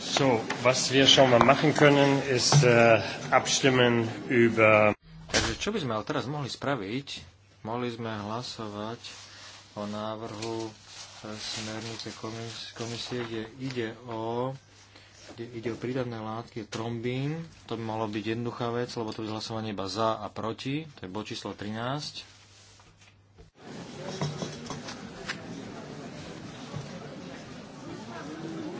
So, was wir schon mal machen können, ist uh, abstimmen über... Takže čo by sme ale teraz mohli spraviť? Mohli sme hlasovať o návrhu e, smernice komis komisie, kde ide o kde ide o prídavné látky, trombín. To by malo byť jednoduchá vec, lebo to by hlasovanie iba za a proti. To je bod číslo 13.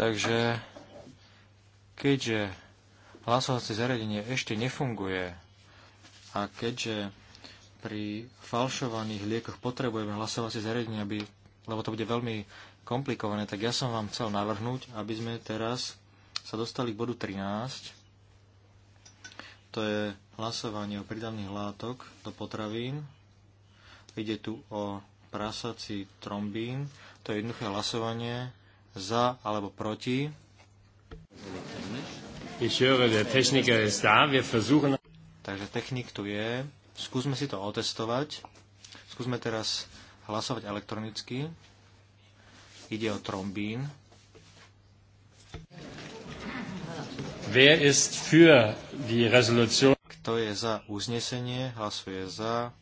Takže keďže hlasovacie zariadenie ešte nefunguje a keďže pri falšovaných liekoch potrebujeme hlasovacie zariadenie, aby, lebo to bude veľmi komplikované, tak ja som vám chcel navrhnúť, aby sme teraz sa dostali k bodu 13. To je hlasovanie o pridaných látok do potravín. Ide tu o prasací trombín. To je jednoduché hlasovanie za alebo proti. Takže technik tu je. Skúsme si to otestovať. Skúsme teraz hlasovať elektronicky. Ide o trombín. Kto je za uznesenie, hlasuje za.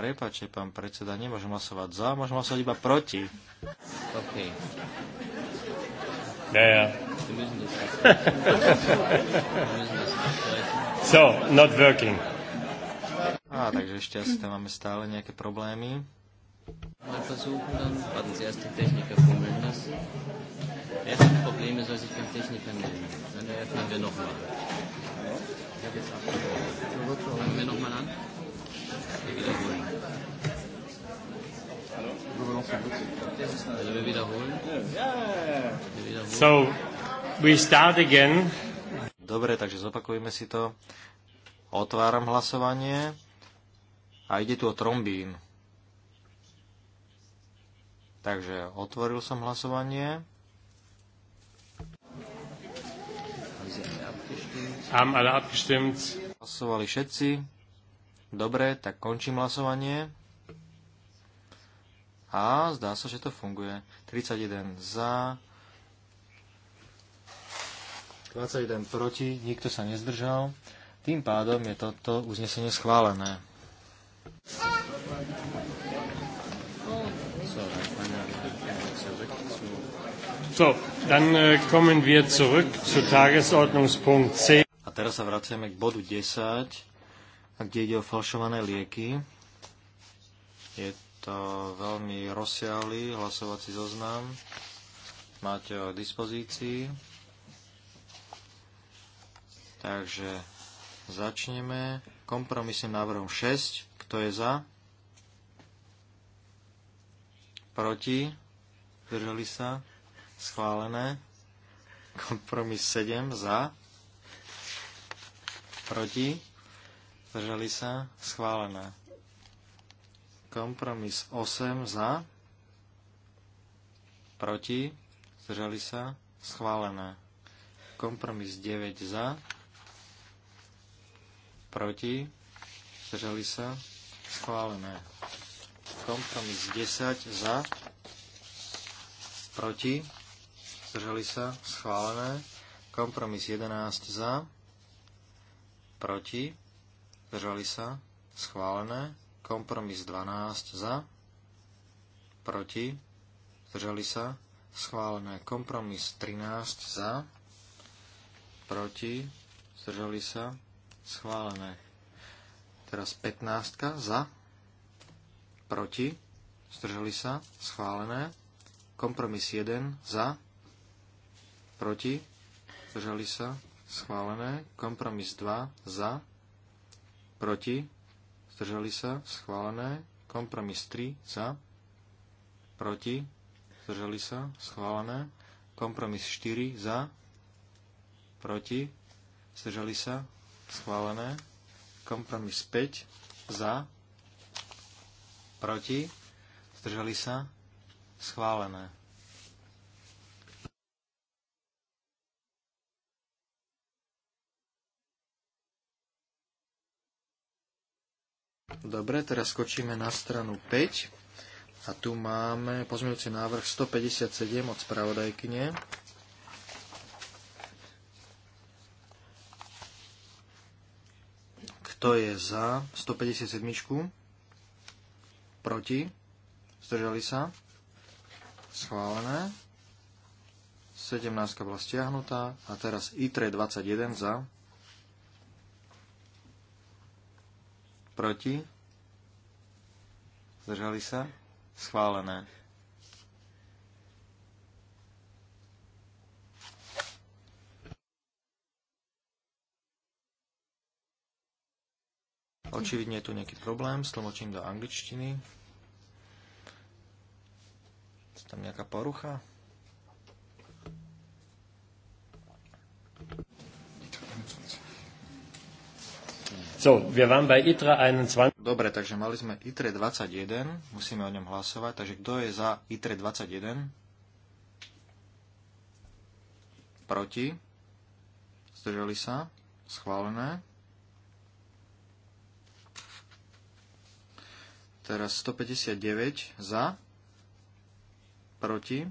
Prepačte, pán predseda, nemôžem hlasovať za, môžem hlasovať iba proti. OK. Ja, ja. so, not working. Á, ah, takže ešte asi tam máme stále nejaké problémy. Mal versuchen dann, warten Sie erst den Techniker fummeln lassen. Wer hat Probleme, soll sich beim Techniker melden. Dann eröffnen wir nochmal. Ich habe jetzt abgebrochen. Fangen wir nochmal an. Wir wiederholen. So, we start again. Dobre, takže zopakujeme si to. Otváram hlasovanie a ide tu o trombín. Takže otvoril som hlasovanie. alle abgestimmt. Hlasovali všetci. Dobre, tak končím hlasovanie. A zdá sa, že to funguje. 31 za, 21 proti, nikto sa nezdržal. Tým pádom je toto uznesenie schválené. So, dann äh, kommen wir zurück zu Tagesordnungspunkt 10. A teraz sa vraciame k bodu 10, kde ide o falšované lieky. Je to veľmi rozsiahly hlasovací zoznam. Máte ho k dispozícii. Takže začneme kompromisným návrhom 6. Kto je za? Proti? Zdržali sa? Schválené. Kompromis 7. Za? Proti? Zdržali sa? Schválené. Kompromis 8 za, proti, zdržali sa, schválené. Kompromis 9 za, proti, zdržali sa, schválené. Kompromis 10 za, proti, zdržali sa, schválené. Kompromis 11 za, proti, zdržali sa, schválené. Kompromis 12 za, proti, zdržali sa, schválené. Kompromis 13 za, proti, zdržali sa, schválené. Teraz 15 za, proti, zdržali sa, schválené. Kompromis 1 za, proti, zdržali sa, schválené. Kompromis 2 za, proti, zdržali sa, schválené. Kompromis 3 za, proti, zdržali sa, schválené. Kompromis 4 za, proti, zdržali sa, schválené. Kompromis 5 za, proti, zdržali sa, schválené. Dobre, teraz skočíme na stranu 5 a tu máme pozmeňujúci návrh 157 od spravodajkyne. Kto je za 157? Proti? Zdržali sa? Schválené. 17 bola stiahnutá a teraz ITRE 21 za Proti? Zdržali sa? Schválené. Očividne je tu nejaký problém stlmočím do angličtiny. Je tam nejaká porucha? So, wir waren bei ITRA e 21. Dobre, takže mali sme ITRE 21, musíme o ňom hlasovať, takže kto je za ITRE 21? Proti? Zdržali sa? Schválené. Teraz 159 za, proti,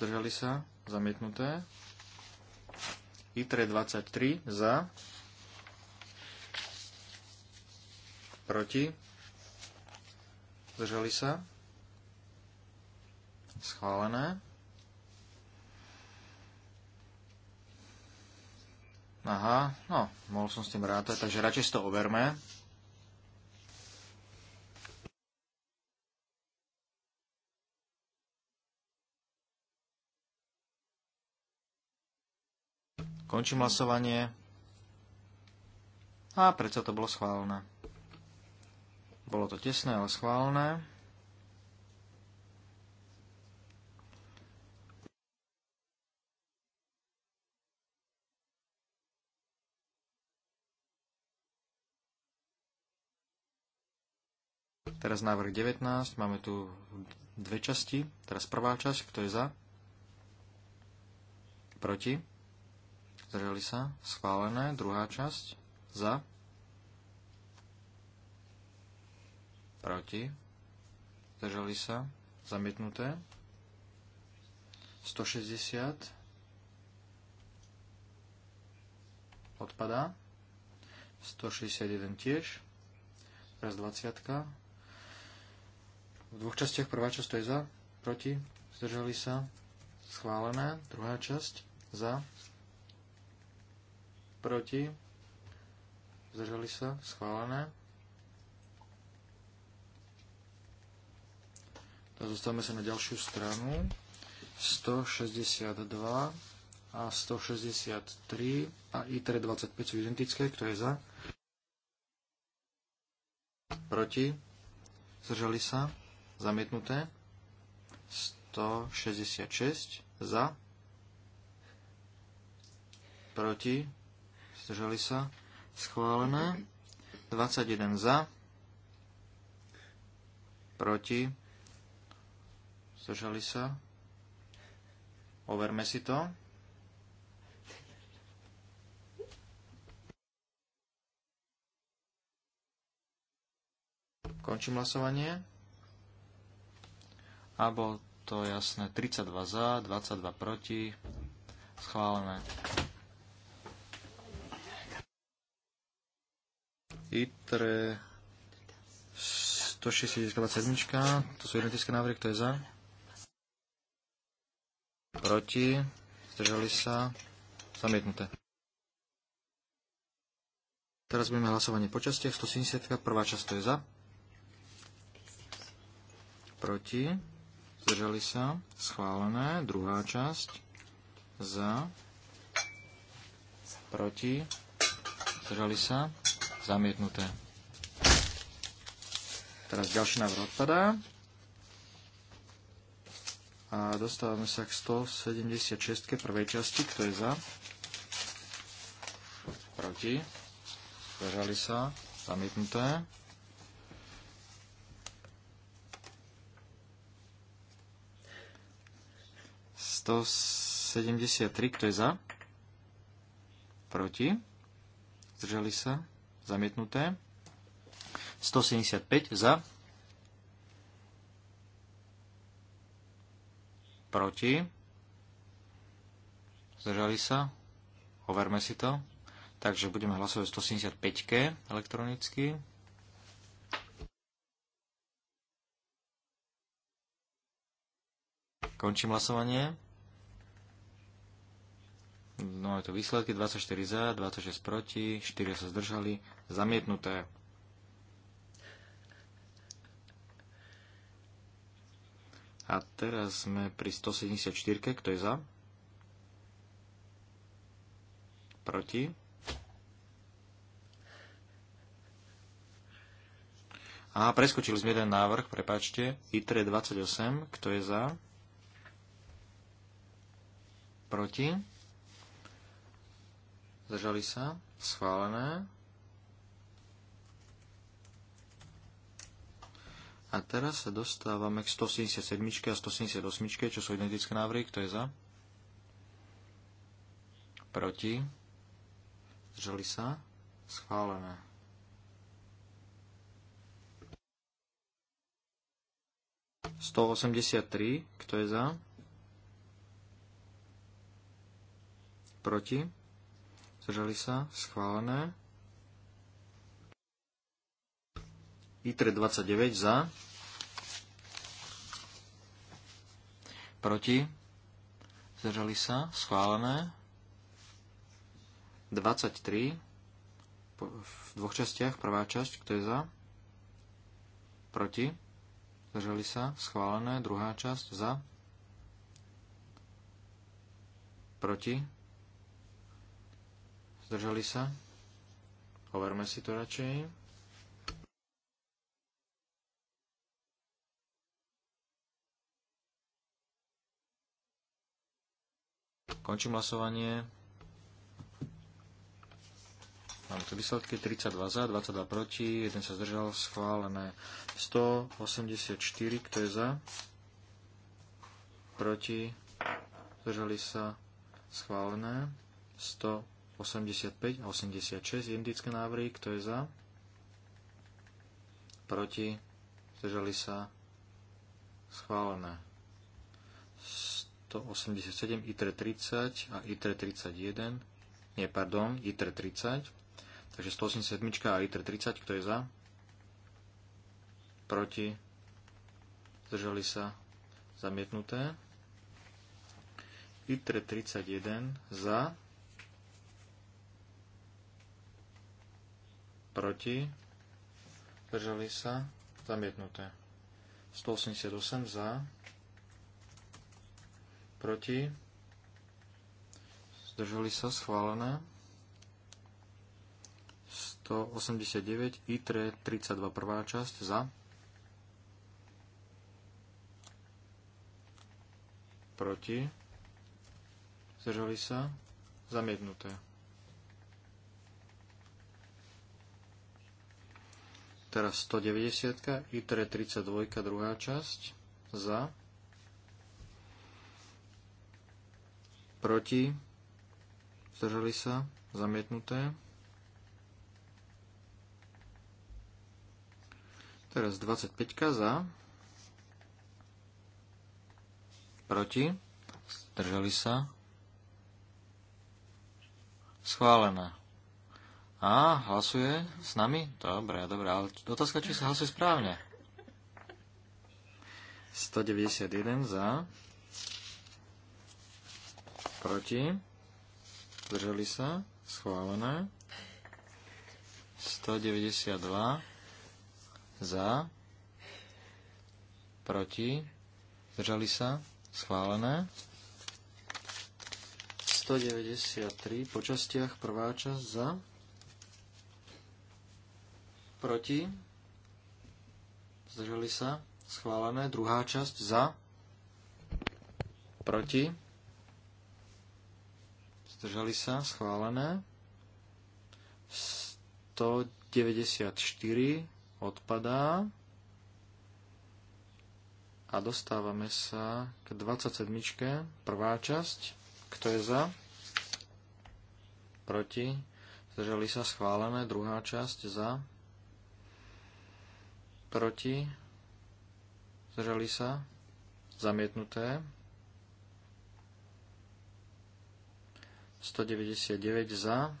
zdržali sa, zamietnuté. ITRE e 23 za, proti, zdržali sa, schválené. Aha, no, mohol som s tým rátať, takže radšej si to overme. Končím hlasovanie. A predsa to bolo schválené. Bolo to tesné, ale schválne. Teraz návrh 19, máme tu dve časti. Teraz prvá časť, kto je za? Proti? Zdržali sa? Schválené. Druhá časť? Za? proti, zdržali sa, zamietnuté. 160 odpadá. 161 tiež. Raz 20. V dvoch častiach prvá časť to je za, proti, zdržali sa, schválené. Druhá časť za, proti, zdržali sa, schválené. Zostávame sa na ďalšiu stranu. 162 a 163 a ITR 25 sú identické. Kto je za? Proti? Zdržali sa? Zamietnuté? 166 za? Proti? Zdržali sa? Schválené? 21 za? Proti? Zdržali sa? Overme si to. Končím hlasovanie. A bolo to jasné 32 za, 22 proti. Schválené. ITRE 167, to sú identické návrhy, kto je za? proti, zdržali sa, zamietnuté. Teraz budeme hlasovanie po častiach. 170, prvá časť to je za. Proti. Zdržali sa. Schválené. Druhá časť. Za. Proti. Zdržali sa. Zamietnuté. Teraz ďalší návrh odpadá. A dostávame sa k 176. prvej časti. Kto je za? Proti. Zdržali sa. Zamietnuté. Sto 73, kto je za? Proti. Zdržali sa. Zamietnuté. 175 za. proti, zdržali sa, overme si to. Takže budeme hlasovať 175-ke elektronicky. Končím hlasovanie. No je to výsledky 24 za, 26 proti, 4 sa zdržali, zamietnuté. A teraz sme pri 174, kto je za? Proti? A preskočili sme jeden návrh, prepačte. ITRE 28, kto je za? Proti? Zdržali sa? Schválené. A teraz sa dostávame k 177 a 178, čo sú identické návrhy. Kto je za? Proti? Zdržali sa? Schválené. Sto osemdesiat tri. Kto je za? Proti? Zdržali sa? Schválené. ITRE 29 za, proti, zdržali sa, schválené, 23 v dvoch častiach, prvá časť, kto je za, proti, zdržali sa, schválené, druhá časť, za, proti, zdržali sa, overme si to radšej. Končím hlasovanie. Máme tu výsledky 32 za, 22 proti, 1 sa zdržal, schválené 184, kto je za, proti, zdržali sa, schválené 185 a 86, indické návrhy, kto je za, proti, zdržali sa, schválené 187, ITRE 30 a ITRE 31. Nie, pardon, ITRE 30. Takže 187 a Itr 30, kto je za? Proti? Zdržali sa? Zamietnuté. ITRE 31 za? Proti? Zdržali sa? Zamietnuté. 188 za? proti, zdržali sa, schválené. 189, ITRE 32, prvá časť, za, proti, zdržali sa, zamietnuté. Teraz 190, ITRE 32, druhá časť, za, proti, zdržali sa, zamietnuté. Teraz 25 za, proti, zdržali sa, schválené. A, hlasuje s nami? Dobre, dobre, ale otázka, či sa hlasuje správne. 191 za, proti, Zdrželi sa, schválené. 192 za, proti, Zdrželi sa, schválené. 193 po častiach, prvá časť za, proti, Zdrželi sa, schválené, druhá časť za, proti, zdržali sa, schválené. 194 odpadá. A dostávame sa k 27. Prvá časť. Kto je za? Proti. Zdržali sa schválené. Druhá časť za. Proti. Zdržali sa. Zamietnuté. 199 za,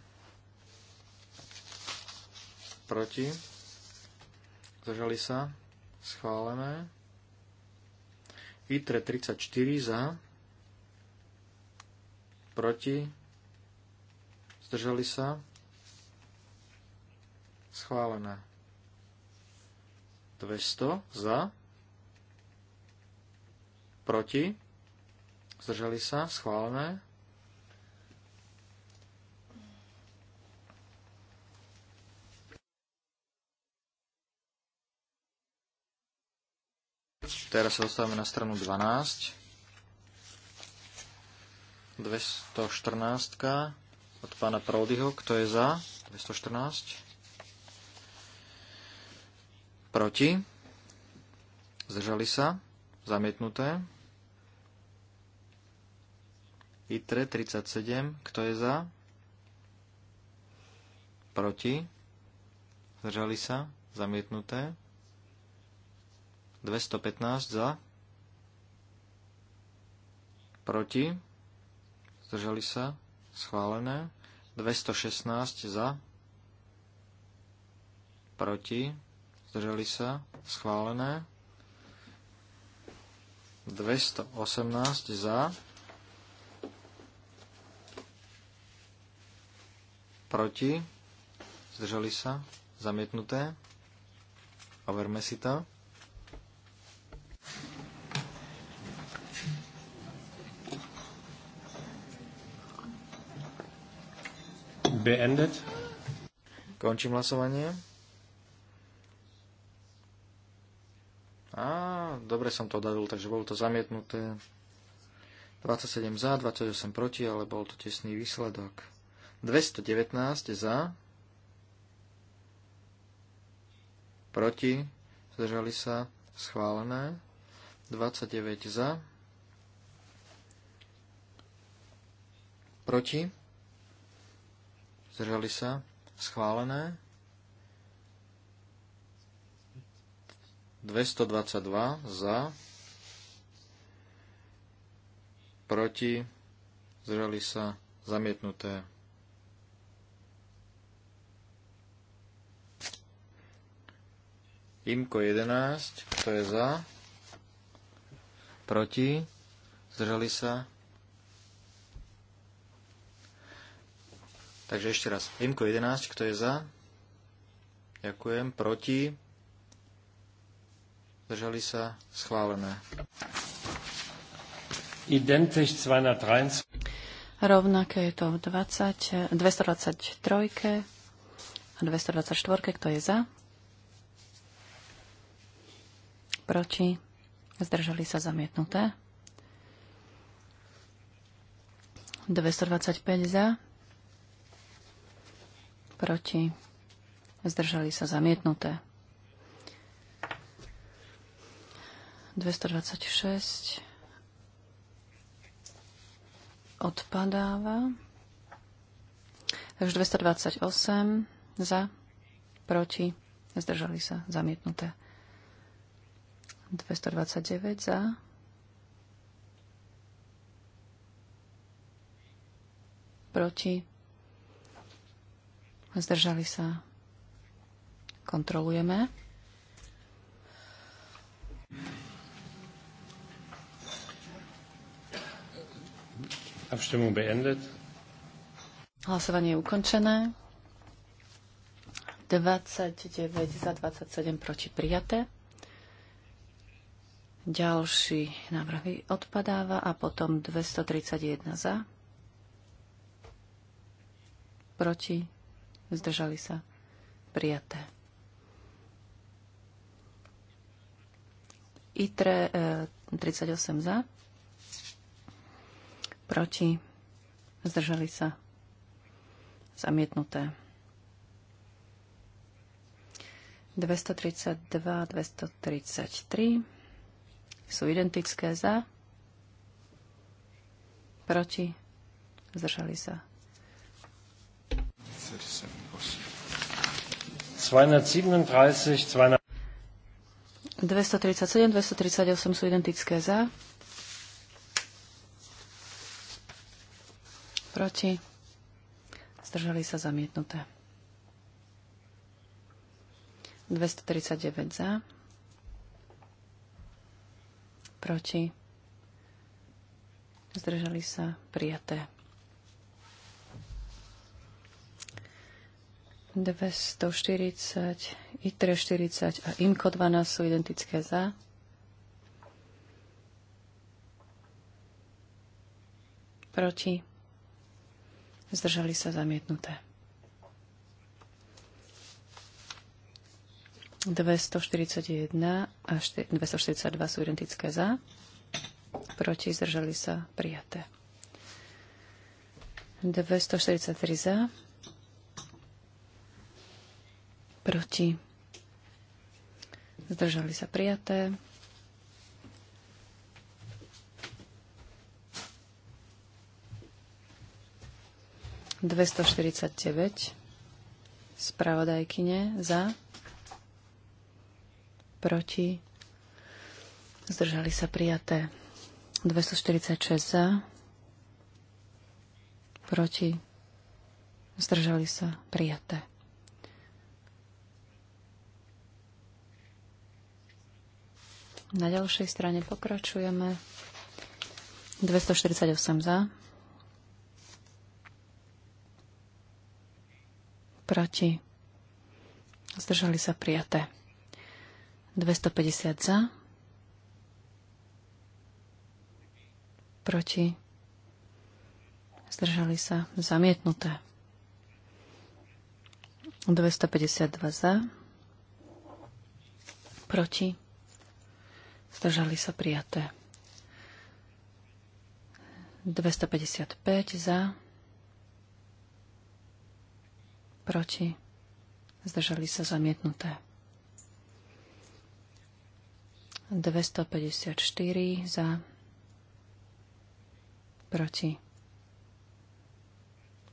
proti, zdržali sa, schválené. ITRE 34 za, proti, zdržali sa, schválené. 200 za, proti, zdržali sa, schválené. Teraz sa dostávame na stranu 12. 214 od pána Prodyho. Kto je za? 214. Proti? Zdržali sa? Zamietnuté. ITRE 37. Kto je za? Proti? Zdržali sa? Zamietnuté. 215 za, proti, zdržali sa, schválené, 216 za, proti, zdržali sa, schválené, 218 za, proti, zdržali sa, zamietnuté, overme si to. beendet. Končím hlasovanie. A dobre som to odavil, takže bolo to zamietnuté. 27 za, 28 proti, ale bol to tesný výsledok. 219 za, proti, zdržali sa, schválené. 29 za, proti, zdržali sa, schválené. 222 za, proti, zdržali sa, zamietnuté. Imko 11, kto je za, proti, zdržali sa, Takže ešte raz. Imko 11, kto je za? Ďakujem. Proti? Zdržali sa? Schválené. Identisch 223. Rovnaké je to v 20, 223 a 224, kto je za? Proti? Zdržali sa zamietnuté. 225 za, proti, zdržali sa zamietnuté. 226 odpadáva. Takže 228 za, proti, zdržali sa, zamietnuté. 229 za, proti, Zdržali sa. Kontrolujeme. Abstimmung beendet. Hlasovanie je ukončené. 29 za 27 proti prijaté. Ďalší návrh odpadáva a potom 231 za. Proti zdržali sa, prijaté. ITRE 38 e, za, proti, zdržali sa, zamietnuté. 232 233 sú identické za, proti, zdržali sa, 237, 238 sú identické za. Proti. Zdržali sa zamietnuté. 239 za. Proti. Zdržali sa prijaté. 240, i 40 a INCO 12 sú identické za. Proti. Zdržali sa zamietnuté. 241 a 242 sú identické za. Proti. Zdržali sa prijaté. 243 za proti, zdržali sa prijaté. Dvesto štyridsať deväť spravodajkyne za, proti, zdržali sa prijaté. 246 za, proti, zdržali sa prijaté. Na ďalšej strane pokračujeme. 248 za. Proti. Zdržali sa prijaté. 250 za. Proti. Zdržali sa zamietnuté. 252 za. Proti Zdržali sa prijaté. 255 za. Proti. Zdržali sa zamietnuté. 254 za. Proti.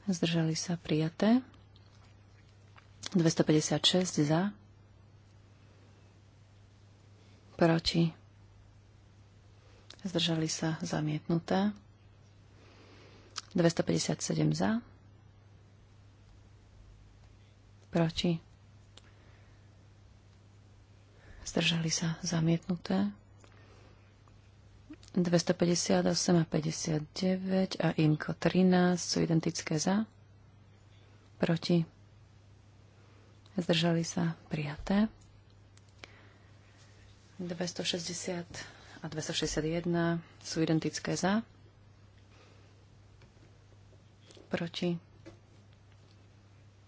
Zdržali sa prijaté. 256 za. Proti zdržali sa zamietnuté. 257 za, proti, zdržali sa zamietnuté. 258 a 59 a IMKO 13 sú identické za, proti, zdržali sa prijaté. 260 a 261 sú identické za. Proti.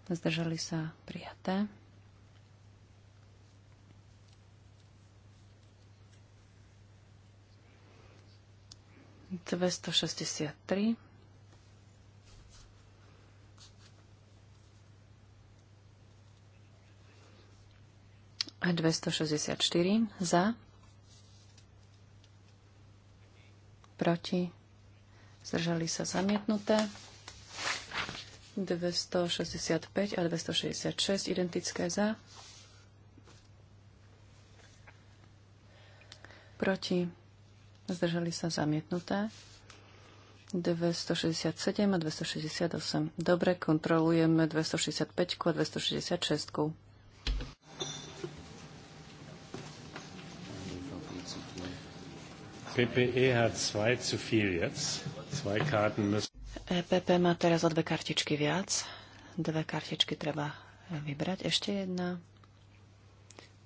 Zdržali sa prijaté. Dvesto šestdesiat tri. A čtyri za. proti, zdržali sa zamietnuté. 265 a 266 identické za, proti, zdržali sa zamietnuté. 267 a 268. Dobre, kontrolujeme 265 a 266. PPE hat zwei zu viel jetzt. Zwei Karten müssen. EPP má teraz o dve kartičky viac. Dve kartičky treba vybrať. Ešte jedna.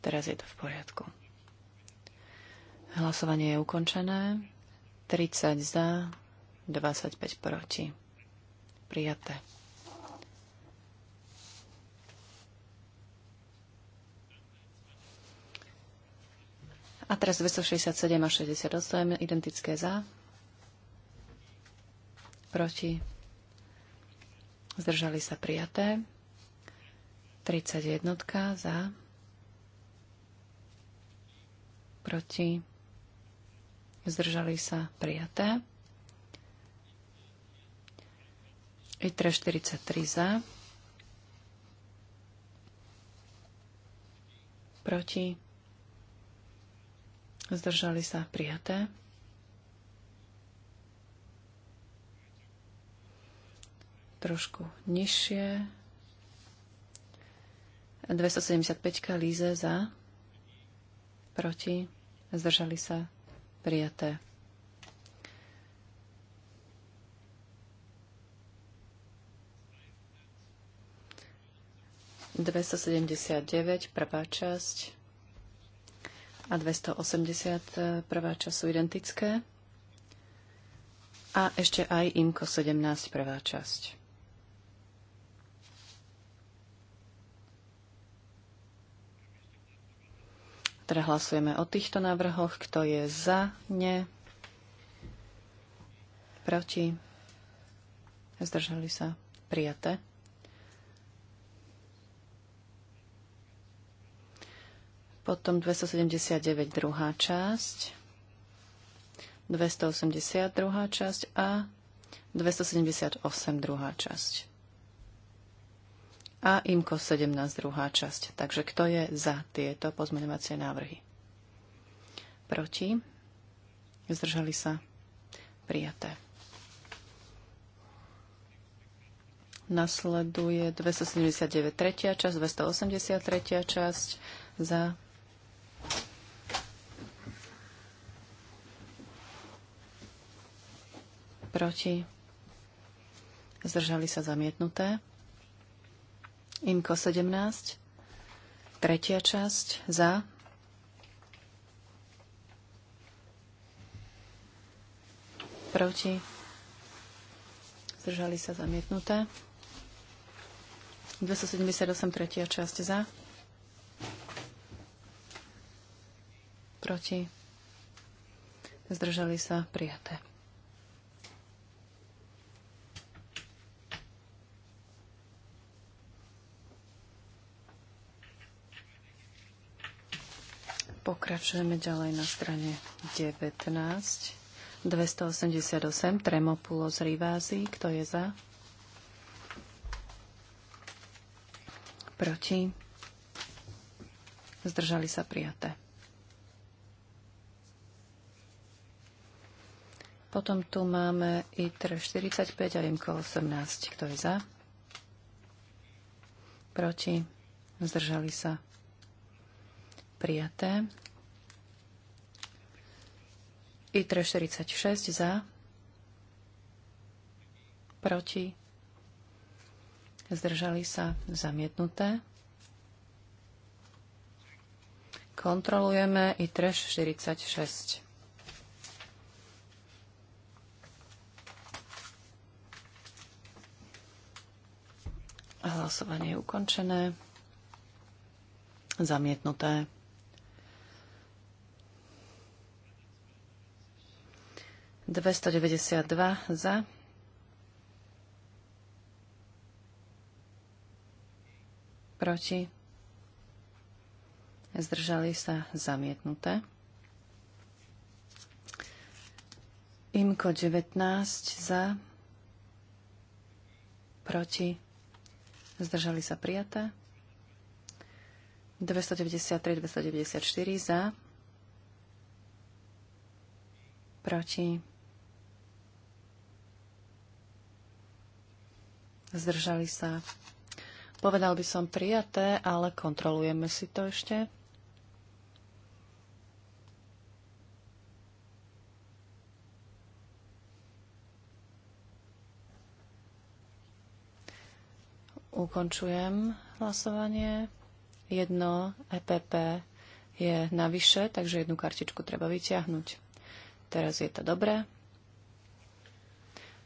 Teraz je to v poriadku. Hlasovanie je ukončené. 30 za, 25 proti. Prijaté. A teraz 267 a 68 identické za. Proti. Zdržali sa prijaté. 31 za. Proti. Zdržali sa prijaté. ITRE 43 za. Proti zdržali sa prijaté. Trošku nižšie. 275 Líze za, proti, zdržali sa prijaté. Dvestosedemdesiatdeväť, prvá časť a 280 e, prvá časť sú identické. A ešte aj IMKO 17 prvá časť. Teda hlasujeme o týchto návrhoch. Kto je za ne? Proti? Zdržali sa? Prijaté. Potom 279 druhá časť, 280 druhá časť a 278 druhá časť. A IMKO 17 druhá časť. Takže kto je za tieto pozmeňovacie návrhy? Proti? Zdržali sa? Prijaté. Nasleduje 279 tretia časť, 283 časť za proti, zdržali sa zamietnuté. Imko 17, tretia časť za, proti, zdržali sa zamietnuté. 278, tretia časť za, proti, zdržali sa prijaté. Pokračujeme ďalej na strane 19. 288 Tremopulo z Rivázy. Kto je za? Proti? Zdržali sa prijaté. Potom tu máme ITR 45 a IMKO 18. Kto je za? Proti? Zdržali sa Prijaté. I346 za. Proti. Zdržali sa zamietnuté. Kontrolujeme i346. Hlasovanie je ukončené. Zamietnuté. 292 za. Proti. Zdržali sa zamietnuté. Imko 19 za. Proti. Zdržali sa prijaté. 293, 294 za. Proti zdržali sa. Povedal by som prijaté, ale kontrolujeme si to ešte. Ukončujem hlasovanie. Jedno EPP je navyše, takže jednu kartičku treba vyťahnuť. Teraz je to dobré.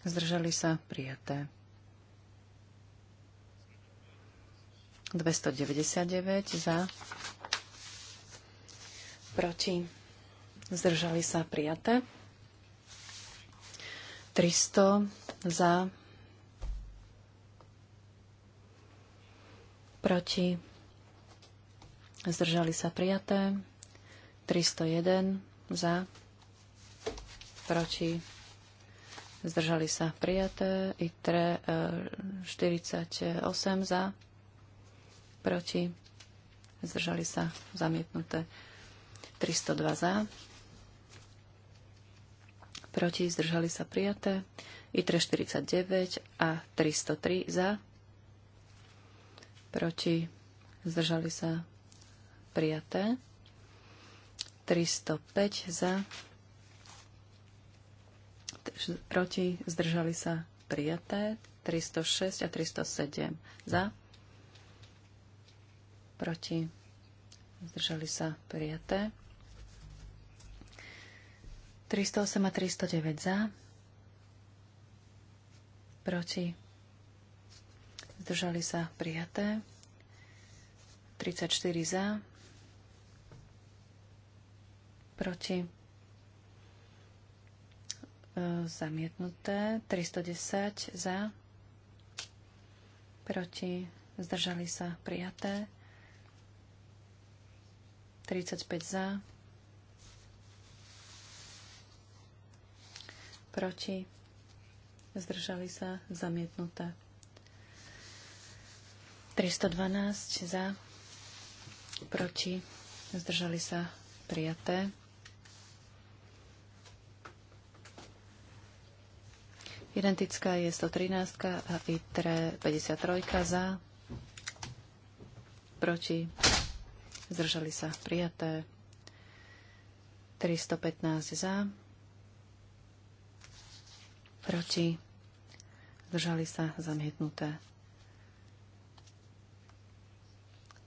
Zdržali sa prijaté. 299 za. Proti. Zdržali sa prijaté. 300 za. Proti. Zdržali sa prijaté. 301 za. Proti zdržali sa prijaté, ITRE 48 e, za, proti, zdržali sa zamietnuté 302 za, proti, zdržali sa prijaté, ITRE 49 a 303 za, proti, zdržali sa prijaté, 305 za, proti, zdržali sa prijaté, 306 a 307 za, proti, zdržali sa prijaté, 308 a 309 za, proti, zdržali sa prijaté, 34 za, proti, E, zamietnuté. 310 za, proti, zdržali sa, prijaté. 35 za, proti, zdržali sa, zamietnuté. 312 za, proti, zdržali sa, prijaté. Identická je 113 a ITRE 53 za. Proti. Zdržali sa prijaté. 315 za. Proti. Zdržali sa zamietnuté.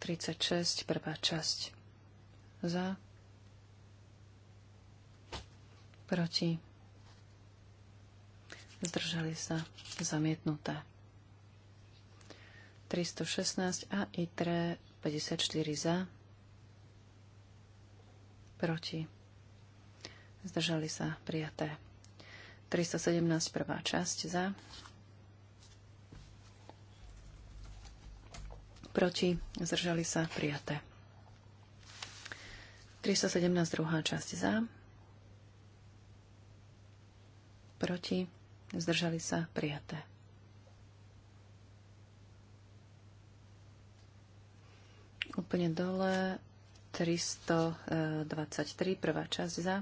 36, prvá časť. Za. Proti zdržali sa zamietnuté. 316 a ITRE 54 za, proti, zdržali sa prijaté. 317 prvá časť za, proti, zdržali sa prijaté. 317 druhá časť za, proti, zdržali sa, prijaté. Úplne dole 323, prvá časť za,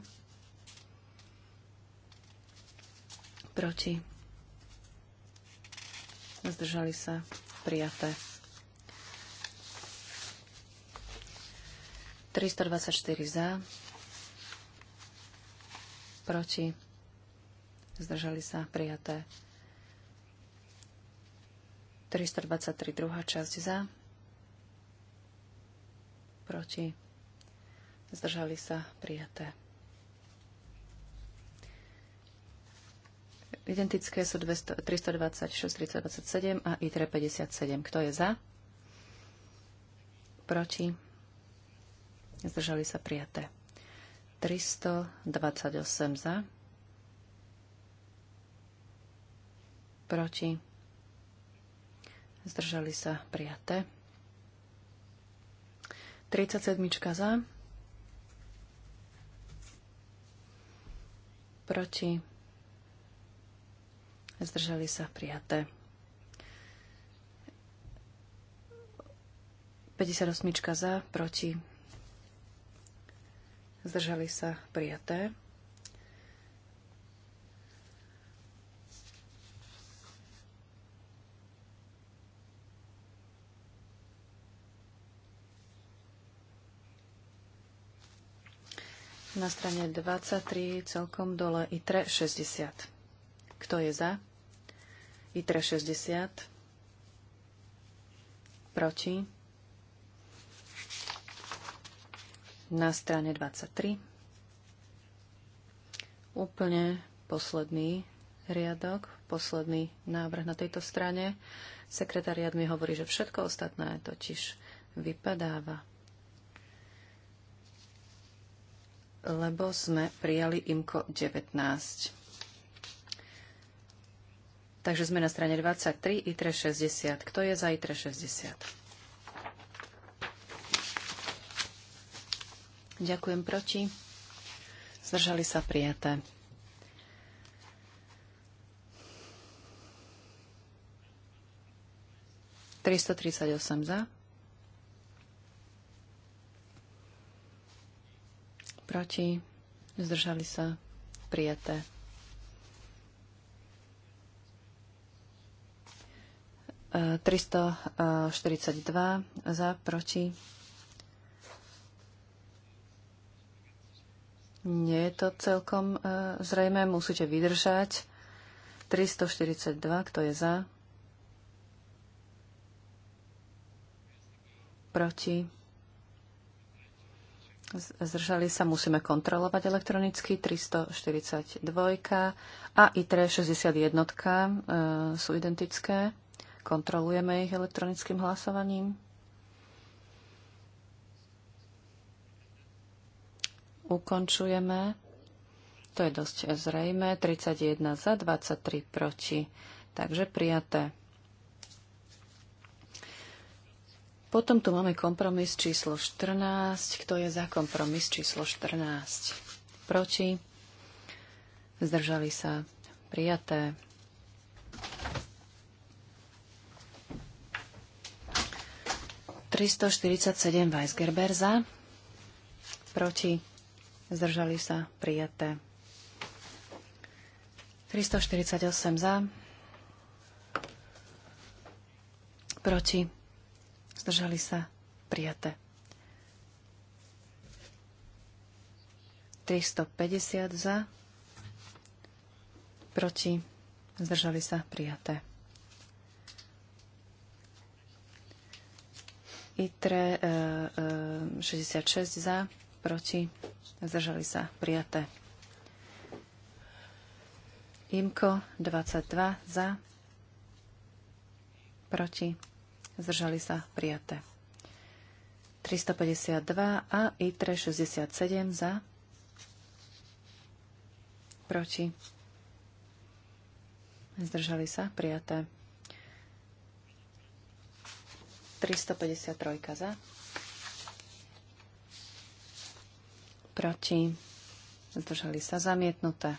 proti, zdržali sa, prijaté. 324 za, proti, zdržali sa, prijaté. 323, druhá časť za, proti, zdržali sa, prijaté. Identické sú 200, 326, 327 a ITRE 57. Kto je za? Proti? Zdržali sa prijaté. 328 za. proti, zdržali sa prijaté. 37 za, proti, zdržali sa prijaté. 58 za, proti, zdržali sa prijaté. Na strane 23 celkom dole ITRE 60. Kto je za? ITRE 60. Proti? Na strane 23. Úplne posledný riadok, posledný návrh na tejto strane. Sekretariat mi hovorí, že všetko ostatné totiž vypadáva. lebo sme prijali IMKO 19. Takže sme na strane 23, ITRE 60. Kto je za ITRE 60? Ďakujem proti. Zdržali sa prijaté. Tristo tridsaťosem za. proti, zdržali sa, prijaté. Uh, 342 za, proti. Nie je to celkom uh, zrejme, musíte vydržať. 342, kto je za? Proti Zdržali sa, musíme kontrolovať elektronicky. 342 a ITRE 61 e, sú identické. Kontrolujeme ich elektronickým hlasovaním. Ukončujeme. To je dosť zrejme. 31 za, 23 proti. Takže prijaté. Potom tu máme kompromis číslo 14. Kto je za kompromis číslo 14? Proti? Zdržali sa? Prijaté. ...347 Weisgerber za, proti, zdržali sa, prijaté. 348 za, proti, Zdržali sa? Prijaté. 350 za. Proti? Zdržali sa? Prijaté. ITRE e, e, 66 za, proti, zdržali sa, prijaté. IMKO 22 za, proti, zdržali sa prijaté. 352 a ITRE 67 za, proti, zdržali sa prijaté. 353 za, proti, zdržali sa zamietnuté.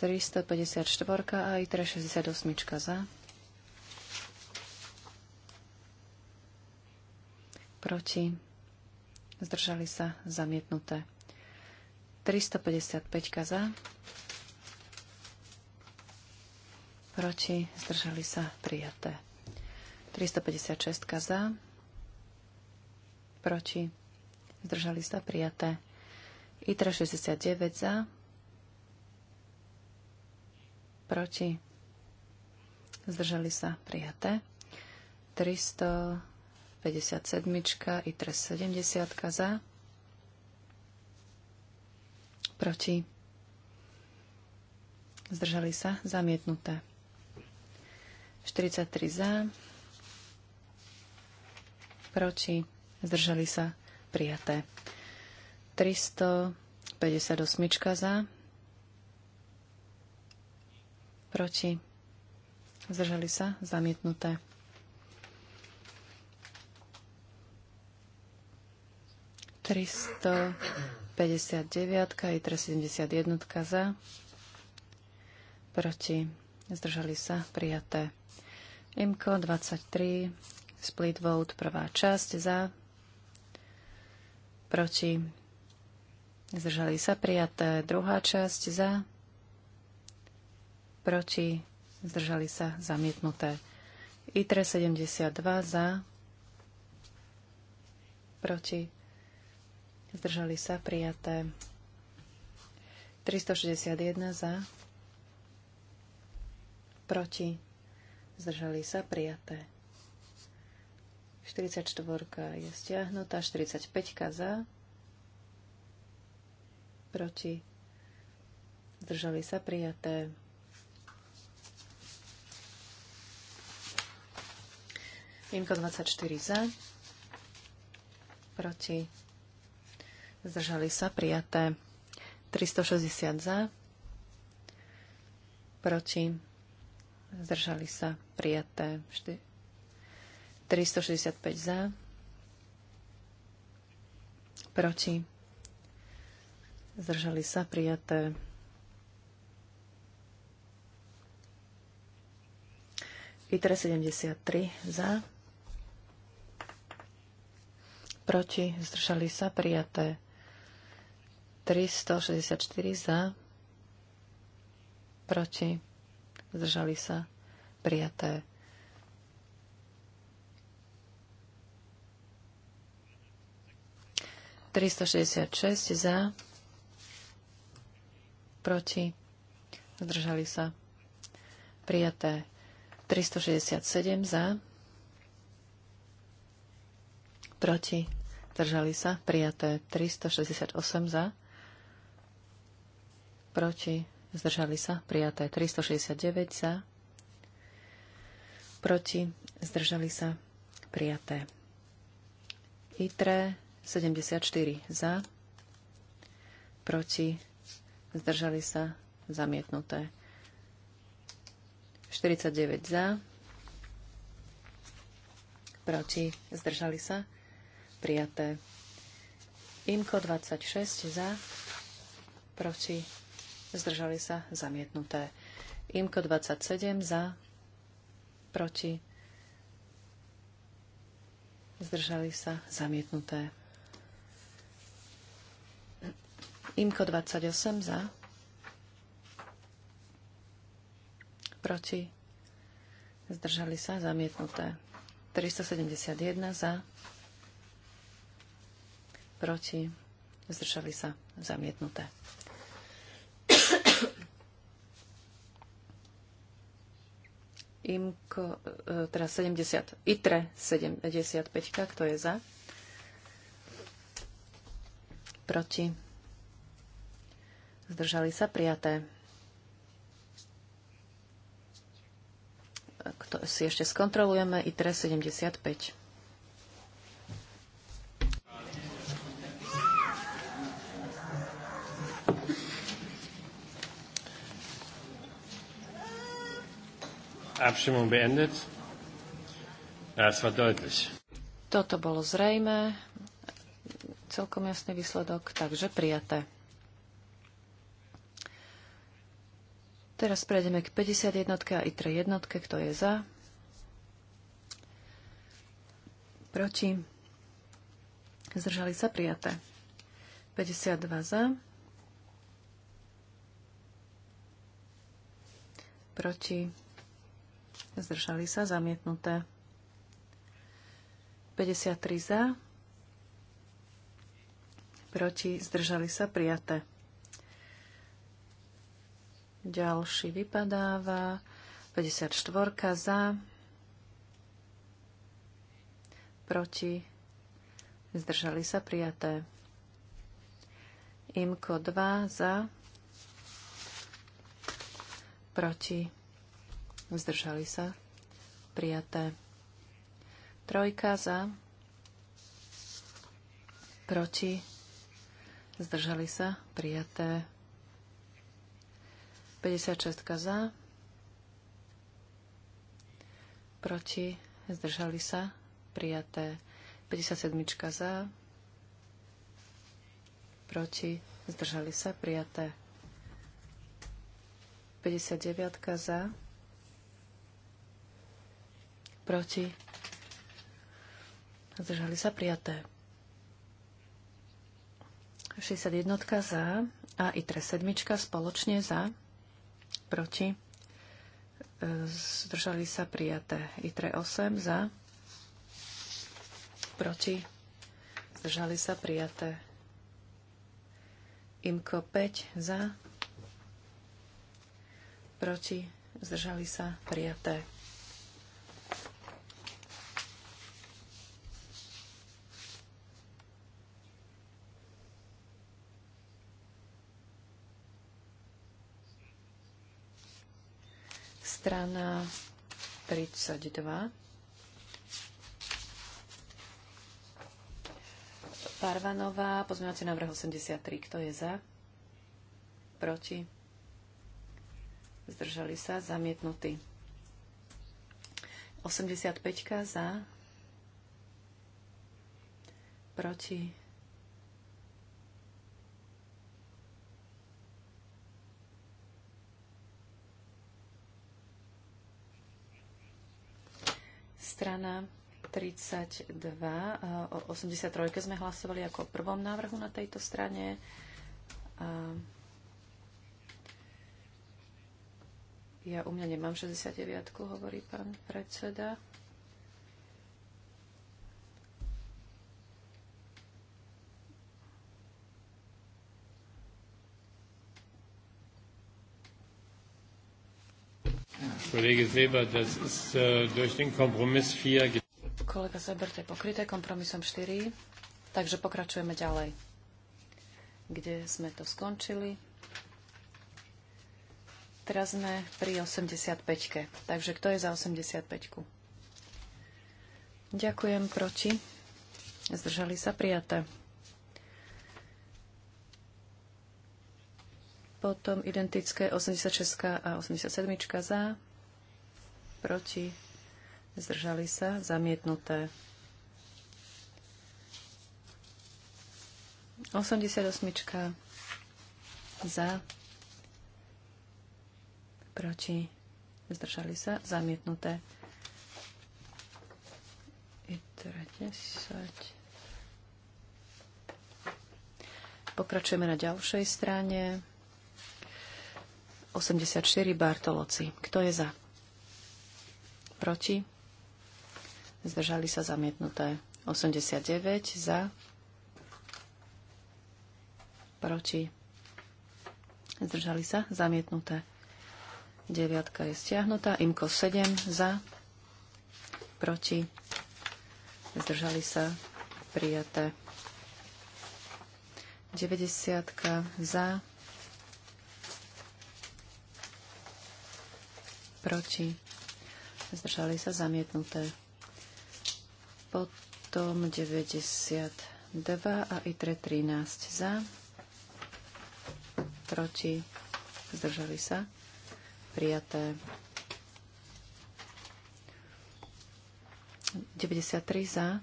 354 a ITRE 368 za proti, zdržali sa zamietnuté. 355 za, proti, zdržali sa prijaté. 356 za, proti, zdržali sa prijaté. ITRA 69 za, proti, zdržali sa prijaté. 300 57 i trest 70 za. Proti. Zdržali sa. Zamietnuté. 43 za. Proti. Zdržali sa. Prijaté. 358 za. Proti. Zdržali sa. Zamietnuté. 359, i 371 za, proti, zdržali sa, prijaté. IMKO 23, split vote, prvá časť za, proti, zdržali sa, prijaté. Druhá časť za, proti, zdržali sa, zamietnuté. ITRE 72 za, proti, zdržali sa prijaté. 361 za, proti, zdržali sa prijaté. 44 je stiahnutá, 45 za, proti, zdržali sa prijaté. Imko 24 za, proti, Zdržali sa prijaté. 360 za. Proti. Zdržali sa prijaté. 365 za. Proti. Zdržali sa prijaté. 73 za. Proti. Zdržali sa prijaté. 364 za, proti, zdržali sa, prijaté. Tristo šesťdesiat šesť za, proti, zdržali sa, prijaté. 367 za, proti, zdržali sa, prijaté. 368 za, proti, zdržali sa, prijaté 369 za, proti, zdržali sa, prijaté. ITRE 74 za, proti, zdržali sa, zamietnuté. 49 za, proti, zdržali sa, prijaté. IMKO 26 za, proti, zdržali sa, zamietnuté. Imko 27 za, proti, zdržali sa, zamietnuté. Imko 28 za, proti, zdržali sa, zamietnuté. 371 za, proti, zdržali sa, zamietnuté. IMKO, e, teraz 70, ITRE 75, kto je za? Proti? Zdržali sa prijaté. Kto si ešte skontrolujeme? ITRE 75. Abstimmung beendet. war deutlich. Toto bolo zrejme, celkom jasný výsledok, takže prijaté. Teraz prejdeme k 51 a ITRE jednotke, kto je za, proti, zdržali sa prijaté. 52 za, proti, zdržali sa, zamietnuté. 53 za, proti, zdržali sa, prijaté. Ďalší vypadáva. 54 za, proti, zdržali sa, prijaté. Imko 2 za, proti, zdržali sa, prijaté. Trojka za, proti, zdržali sa, prijaté. 56 za, proti, zdržali sa, prijaté. 57 za, proti, zdržali sa, prijaté. 59 za, proti, zdržali sa prijaté. 61 za a i 3 sedmička spoločne za, proti, e, zdržali sa prijaté. I 3 8 za, proti, zdržali sa prijaté. Imko 5 za, proti, zdržali sa prijaté. Strana 32. Parvanová, pozmeňovací návrh 83. Kto je za? Proti? Zdržali sa? Zamietnutý. 85. za? Proti? strana 32. Eh, o 83. sme hlasovali ako o prvom návrhu na tejto strane. ja u mňa nemám 69, hovorí pán predseda. Kollege Seber, das ist äh, durch den Kompromiss 4. Kolega Seber, to je pokryté kompromisom 4. Takže pokračujeme ďalej. Kde sme to skončili? Teraz sme pri 85. -ke. Takže kto je za 85? -ku? Ďakujem proti. Zdržali sa prijaté. potom identické 86 a 87 za, proti, zdržali sa, zamietnuté. 88 za, proti, zdržali sa, zamietnuté. 10. Pokračujeme na ďalšej strane. 84 Bartoloci. Kto je za? proti, zdržali sa zamietnuté 89 za, proti, zdržali sa zamietnuté. 9 je stiahnutá, imko 7 za, proti, zdržali sa prijaté. 90 za, proti, zdržali sa zamietnuté. Potom 92 a ITRE 13 za, proti, zdržali sa, prijaté. 93 za,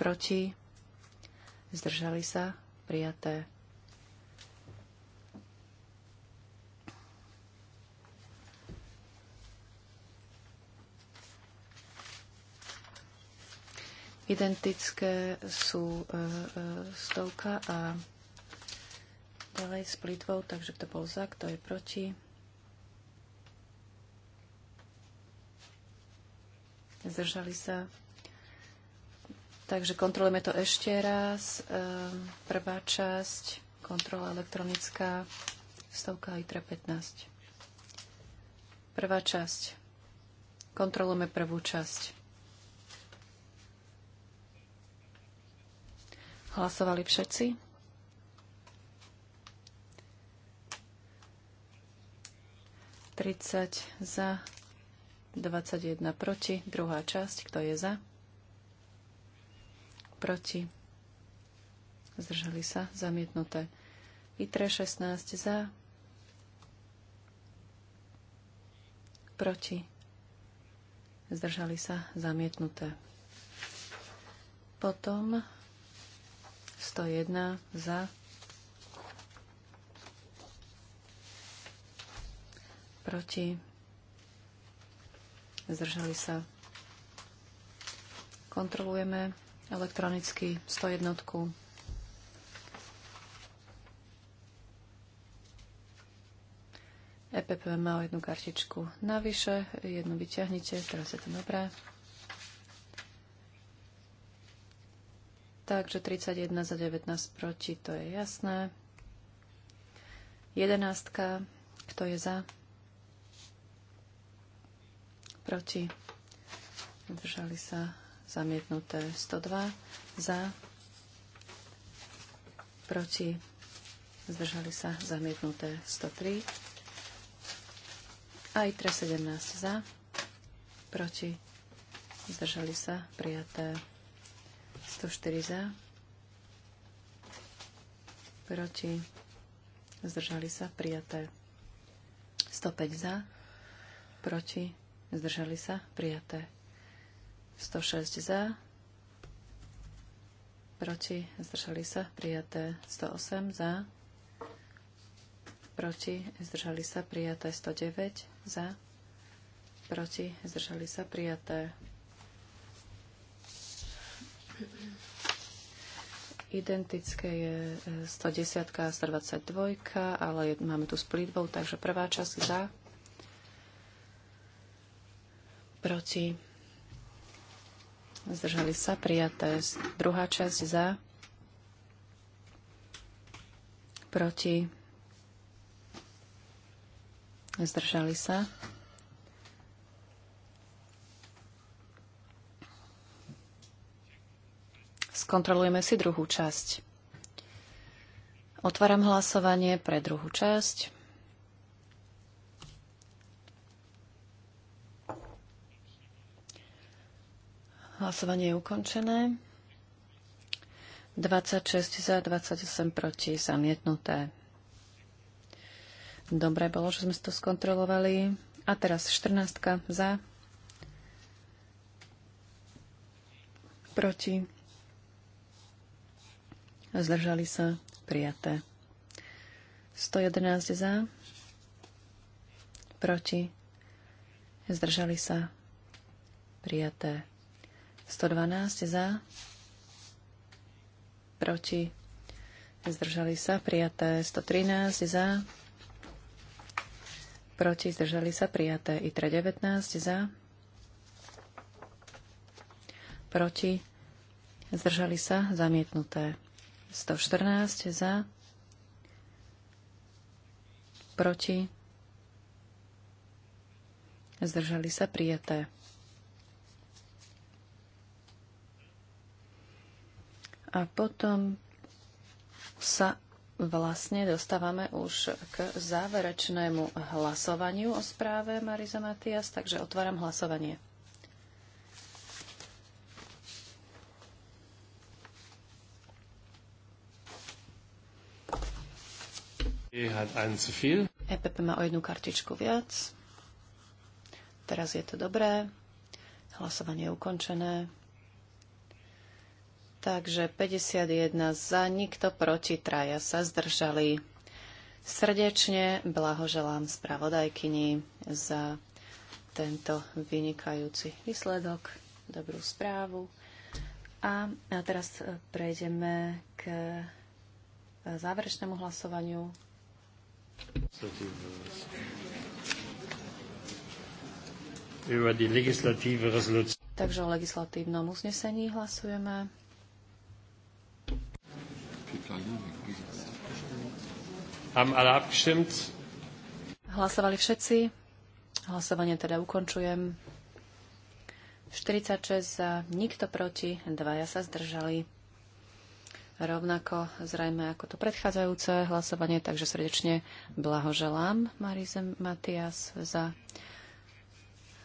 proti, zdržali sa, prijaté. Identické sú e, e, stovka a ďalej s plitvou, takže kto bol za, kto je proti. Zdržali sa. Takže kontrolujeme to ešte raz. E, prvá časť, kontrola elektronická, stovka ITRA 15. Prvá časť. Kontrolujeme prvú časť. Hlasovali všetci? Tridsať za, 21 proti. Druhá časť, kto je za? Proti. Zdržali sa, zamietnuté. ITRE 16 za, proti. Zdržali sa, zamietnuté. Potom 101 za, proti, zdržali sa. Kontrolujeme elektronicky 101. EPP má o jednu kartičku navyše, jednu vyťahnite, teraz je to dobré. Takže 31 za 19 proti, to je jasné. 11. Kto je za? Proti. Držali sa zamietnuté 102. Za. Proti. Zdržali sa zamietnuté 103. Aj 317 za. Proti. Zdržali sa prijaté 104 za. Proti. Zdržali sa. Prijaté. 105 za. Proti. Zdržali sa. Prijaté. 106 za. Proti. Zdržali sa. Prijaté. 108 za. Proti. Zdržali sa. Prijaté. 109 za. Proti. Zdržali sa. Prijaté. Identické je 110 e, a 122, ale máme tu split takže prvá časť za, proti, zdržali sa, prijaté. Druhá časť za, proti, zdržali sa. Skontrolujeme si druhú časť. Otváram hlasovanie pre druhú časť. Hlasovanie je ukončené. 26 za, 28 proti, zamietnuté. Dobre bolo, že sme si to skontrolovali. A teraz 14 za, proti, zdržali sa, prijaté. 111 za, proti, zdržali sa, prijaté. 112 za, proti, zdržali sa, prijaté. 113 za, proti, zdržali sa, prijaté. I 19 za, proti, zdržali sa, zamietnuté. 114 za, proti, zdržali sa prijaté. A potom sa vlastne dostávame už k záverečnému hlasovaniu o správe Marisa Matias, takže otváram hlasovanie. EPP e má o jednu kartičku viac. Teraz je to dobré. Hlasovanie je ukončené. Takže 51 za, nikto proti, traja sa zdržali. Srdečne blahoželám spravodajkyni za tento vynikajúci výsledok, dobrú správu. A teraz prejdeme k záverečnému hlasovaniu. Takže o legislatívnom uznesení hlasujeme. Hlasovali všetci. Hlasovanie teda ukončujem. 46 za, nikto proti, dvaja sa zdržali rovnako zrejme ako to predchádzajúce hlasovanie, takže srdečne blahoželám Marize Matias za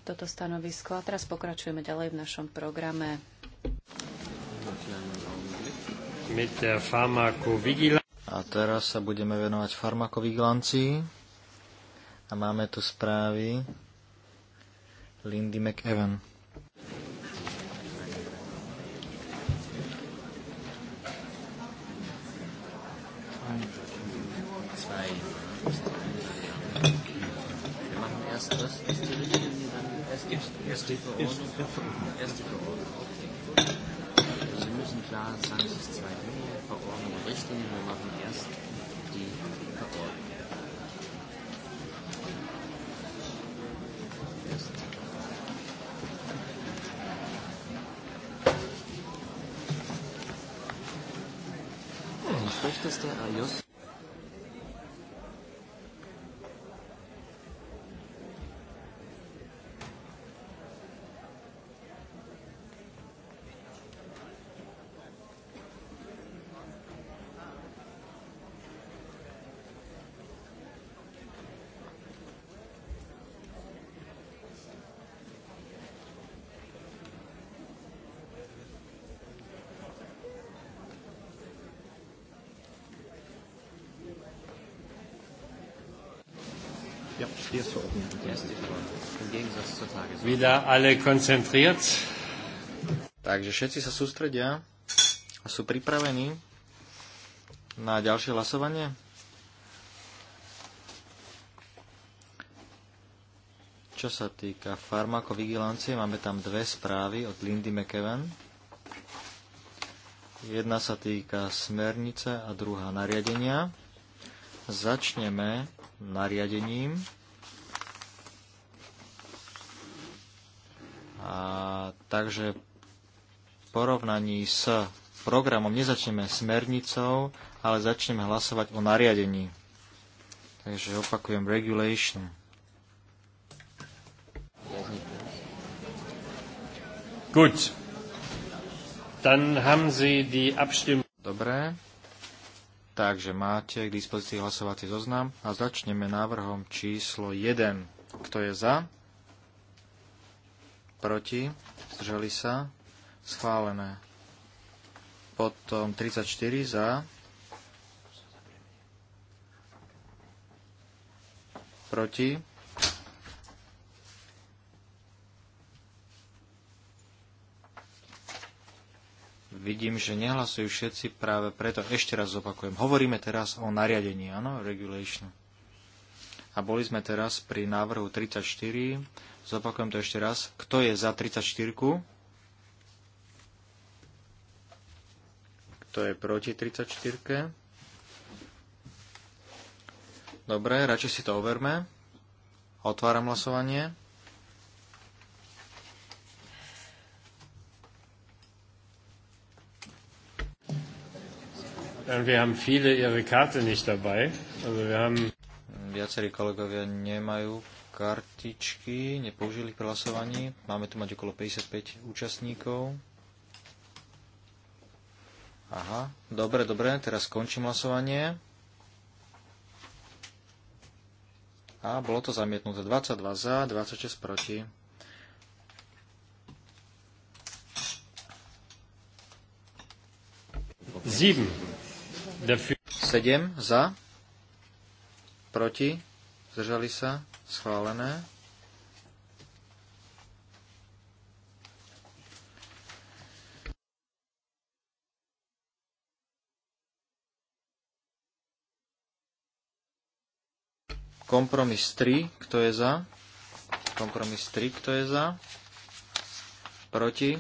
toto stanovisko. A teraz pokračujeme ďalej v našom programe. A teraz sa budeme venovať farmakovigilancii. A máme tu správy Lindy McEwan. ist aber erst die dann erst die erste Verordnung. Sie müssen klar sagen, es ist zwei Linien, Verordnung und Richtlinie. Wir machen erst die Verordnung. Hm, Schlechteste Ayos. Ja, hier ist Wieder alle konzentriert. Takže všetci sa sústredia a sú pripravení na ďalšie hlasovanie. Čo sa týka farmakovigilancie, máme tam dve správy od Lindy McEwen. Jedna sa týka smernice a druhá nariadenia. Začneme nariadením. A, takže v porovnaní s programom nezačneme smernicou, ale začneme hlasovať o nariadení. Takže opakujem regulation. Gut. Dann haben Sie die Abstimmung. Dobre. Takže máte k dispozícii hlasovací zoznam a začneme návrhom číslo 1. Kto je za? Proti? Zdržali sa? Schválené. Potom 34 za. Proti? vidím, že nehlasujú všetci práve preto. Ešte raz opakujem. Hovoríme teraz o nariadení, áno, regulation. A boli sme teraz pri návrhu 34. Zopakujem to ešte raz. Kto je za 34? Kto je proti 34? Dobre, radšej si to overme. Otváram hlasovanie. Viacerí kolegovia nemajú kartičky, nepoužili pri hlasovaní. Máme tu mať okolo 55 účastníkov. Aha, dobre, dobre, teraz skončím hlasovanie. A bolo to zamietnuté 22 za, 26 proti. Sieben. 7 za, proti, zdržali sa, schválené. Kompromis 3, kto je za? Kompromis 3, kto je za? Proti?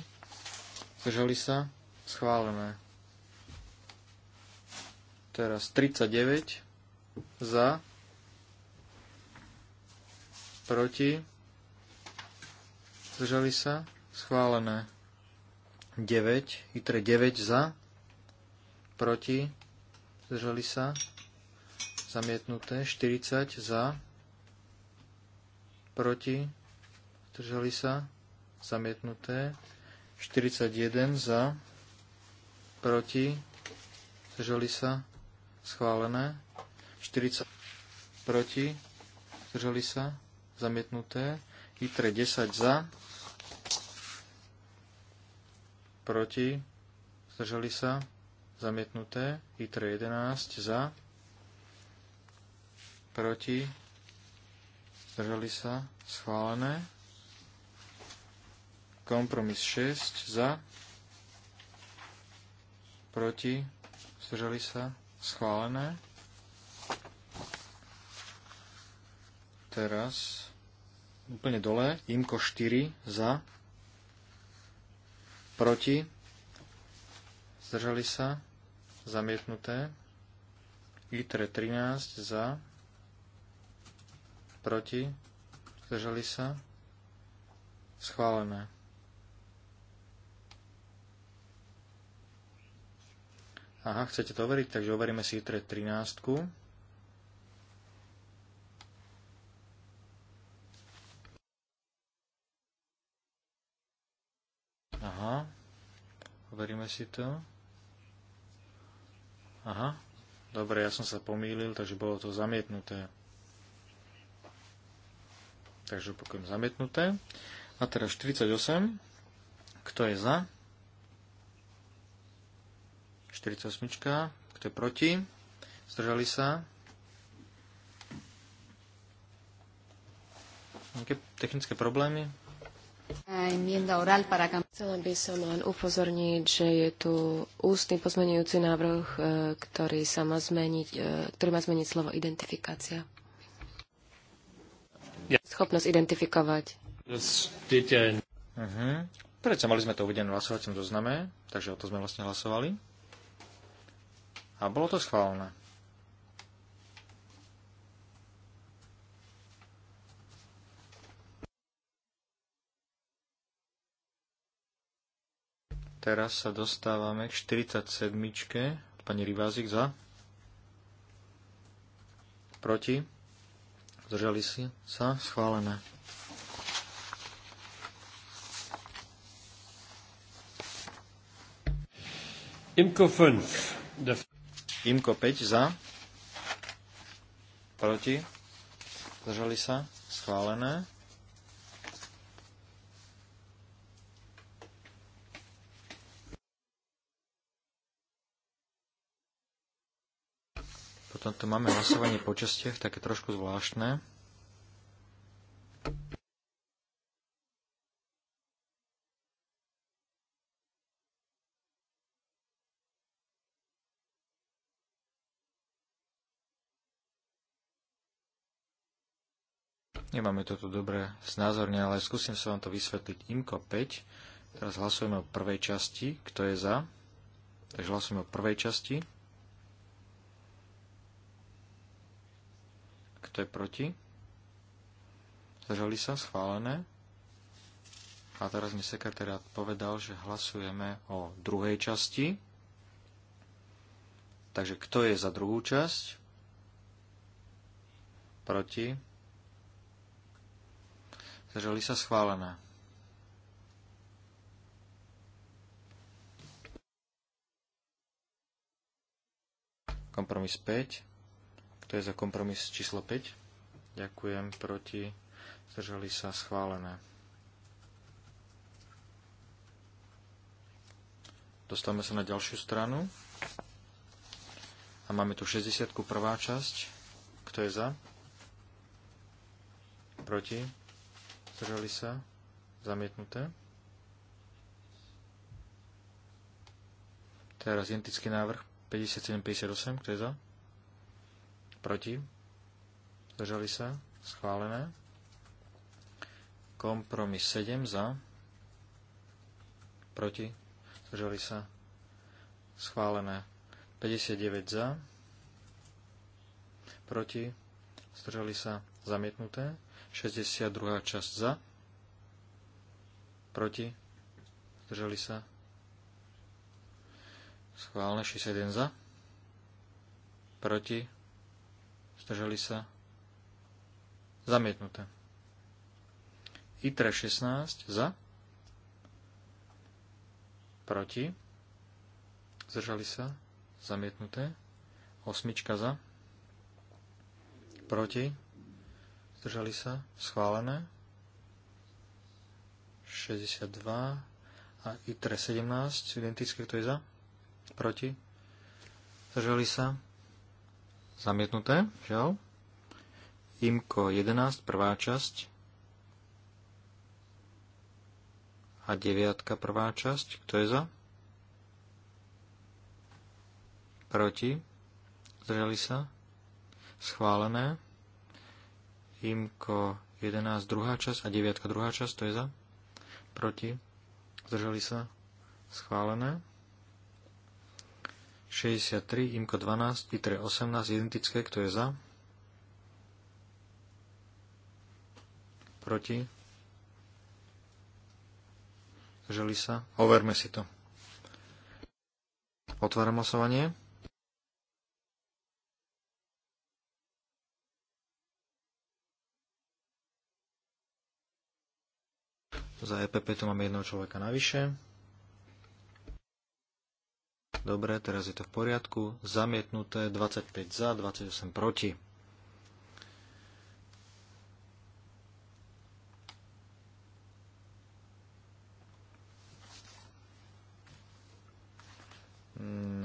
Zdržali sa? Schválené. Teraz 39 za, proti, zdržali sa, schválené 9, ITRE 9 za, proti, zdržali sa, zamietnuté 40 za, proti, zdržali sa, zamietnuté 41 za, proti, zdržali sa, schválené. 40 proti, zdržali sa, zamietnuté. ITRE 10 za, proti, zdržali sa, zamietnuté. ITRE 11 za, proti, zdržali sa, schválené. Kompromis 6 za, proti, zdržali sa, Schválené. Teraz úplne dole. Imko 4 za. Proti. Zdržali sa. Zamietnuté. ITRE 13 za. Proti. Zdržali sa. Schválené. Aha, chcete to overiť, takže overíme si ITRE 13. Aha, overíme si to. Aha, dobre, ja som sa pomýlil, takže bolo to zamietnuté. Takže opakujem zamietnuté. A teraz 48. Kto je za? 48. Kto je proti? Zdržali sa. Nejaké technické problémy? Chcela by som len upozorniť, že je tu ústny pozmenujúci návrh, e, ktorý, sa má zmeniť, e, ktorý má zmeniť slovo identifikácia. Schopnosť identifikovať. Uh-huh. Mhm. Prečo mali sme to uvedené v hlasovacom zozname, takže o to sme vlastne hlasovali. A bolo to schválené. Teraz sa dostávame k 47. od pani Rivázik za. Proti. Zdržali si sa. Schválené. Imko 5. Imko 5 za, proti, zdržali sa, schválené. Potom tu máme hlasovanie po častiach, také trošku zvláštne. pekne, máme to tu dobre znázorne, ale skúsim sa vám to vysvetliť. Imko 5, teraz hlasujeme o prvej časti, kto je za. Takže hlasujeme o prvej časti. Kto je proti? Zdržali sa, schválené. A teraz mi sekretariat povedal, že hlasujeme o druhej časti. Takže kto je za druhú časť? Proti? Zdržali sa schválené. Kompromis 5. Kto je za kompromis číslo 5? Ďakujem. Proti. Zdržali sa schválené. Dostávame sa na ďalšiu stranu. A máme tu 60. prvá časť. Kto je za? Proti? zdržali sa, zamietnuté. Teraz identický návrh 57-58, kto je za? Proti? Zdržali sa? Schválené. Kompromis 7 za? Proti? Zdržali sa? Schválené. 59 za? Proti? Zdržali sa? Zamietnuté. 62. časť za, proti, zdržali sa, schválne 61 za, proti, zdržali sa, zamietnuté. ITRE 16 za, proti, zdržali sa, zamietnuté, osmička za, proti, zdržali sa, schválené. 62 a ITRE 17, identické, kto je za, proti, zdržali sa, zamietnuté, žiaľ. IMKO 11, prvá časť a 9, prvá časť, kto je za, proti, zdržali sa, schválené. IMKO 11, druhá časť a 9, druhá časť, to je za, proti, zdržali sa, schválené. 63, IMKO 12, ITRE 18, identické, kto je za, proti, zdržali sa, overme si to. Otváram hlasovanie. Za EPP tu máme jedného človeka navyše. Dobre, teraz je to v poriadku. Zamietnuté 25 za, 28 proti.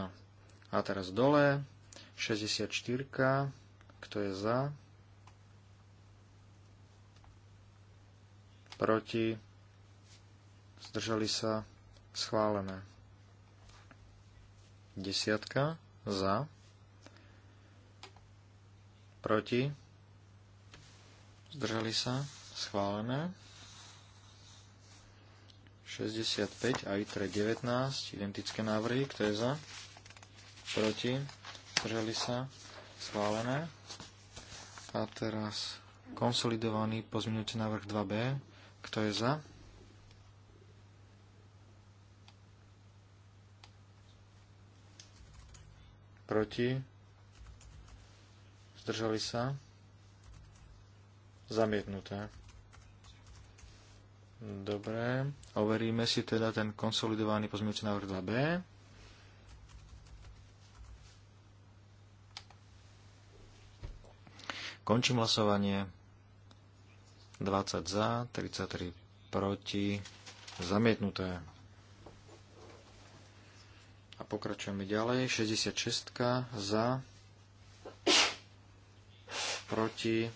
No. A teraz dole. 64. Kto je za? Proti zdržali sa, schválené. Desiatka za, proti, zdržali sa, schválené. 65 a ITRE 19, identické návrhy, kto je za, proti, zdržali sa, schválené. A teraz konsolidovaný pozmeňujúci návrh 2B, kto je za, proti, zdržali sa, zamietnuté. Dobre, overíme si teda ten konsolidovaný pozmeňujúci návrh 2B. Končím hlasovanie. 20 za, 33 proti, zamietnuté. A pokračujeme ďalej. 66 za, proti,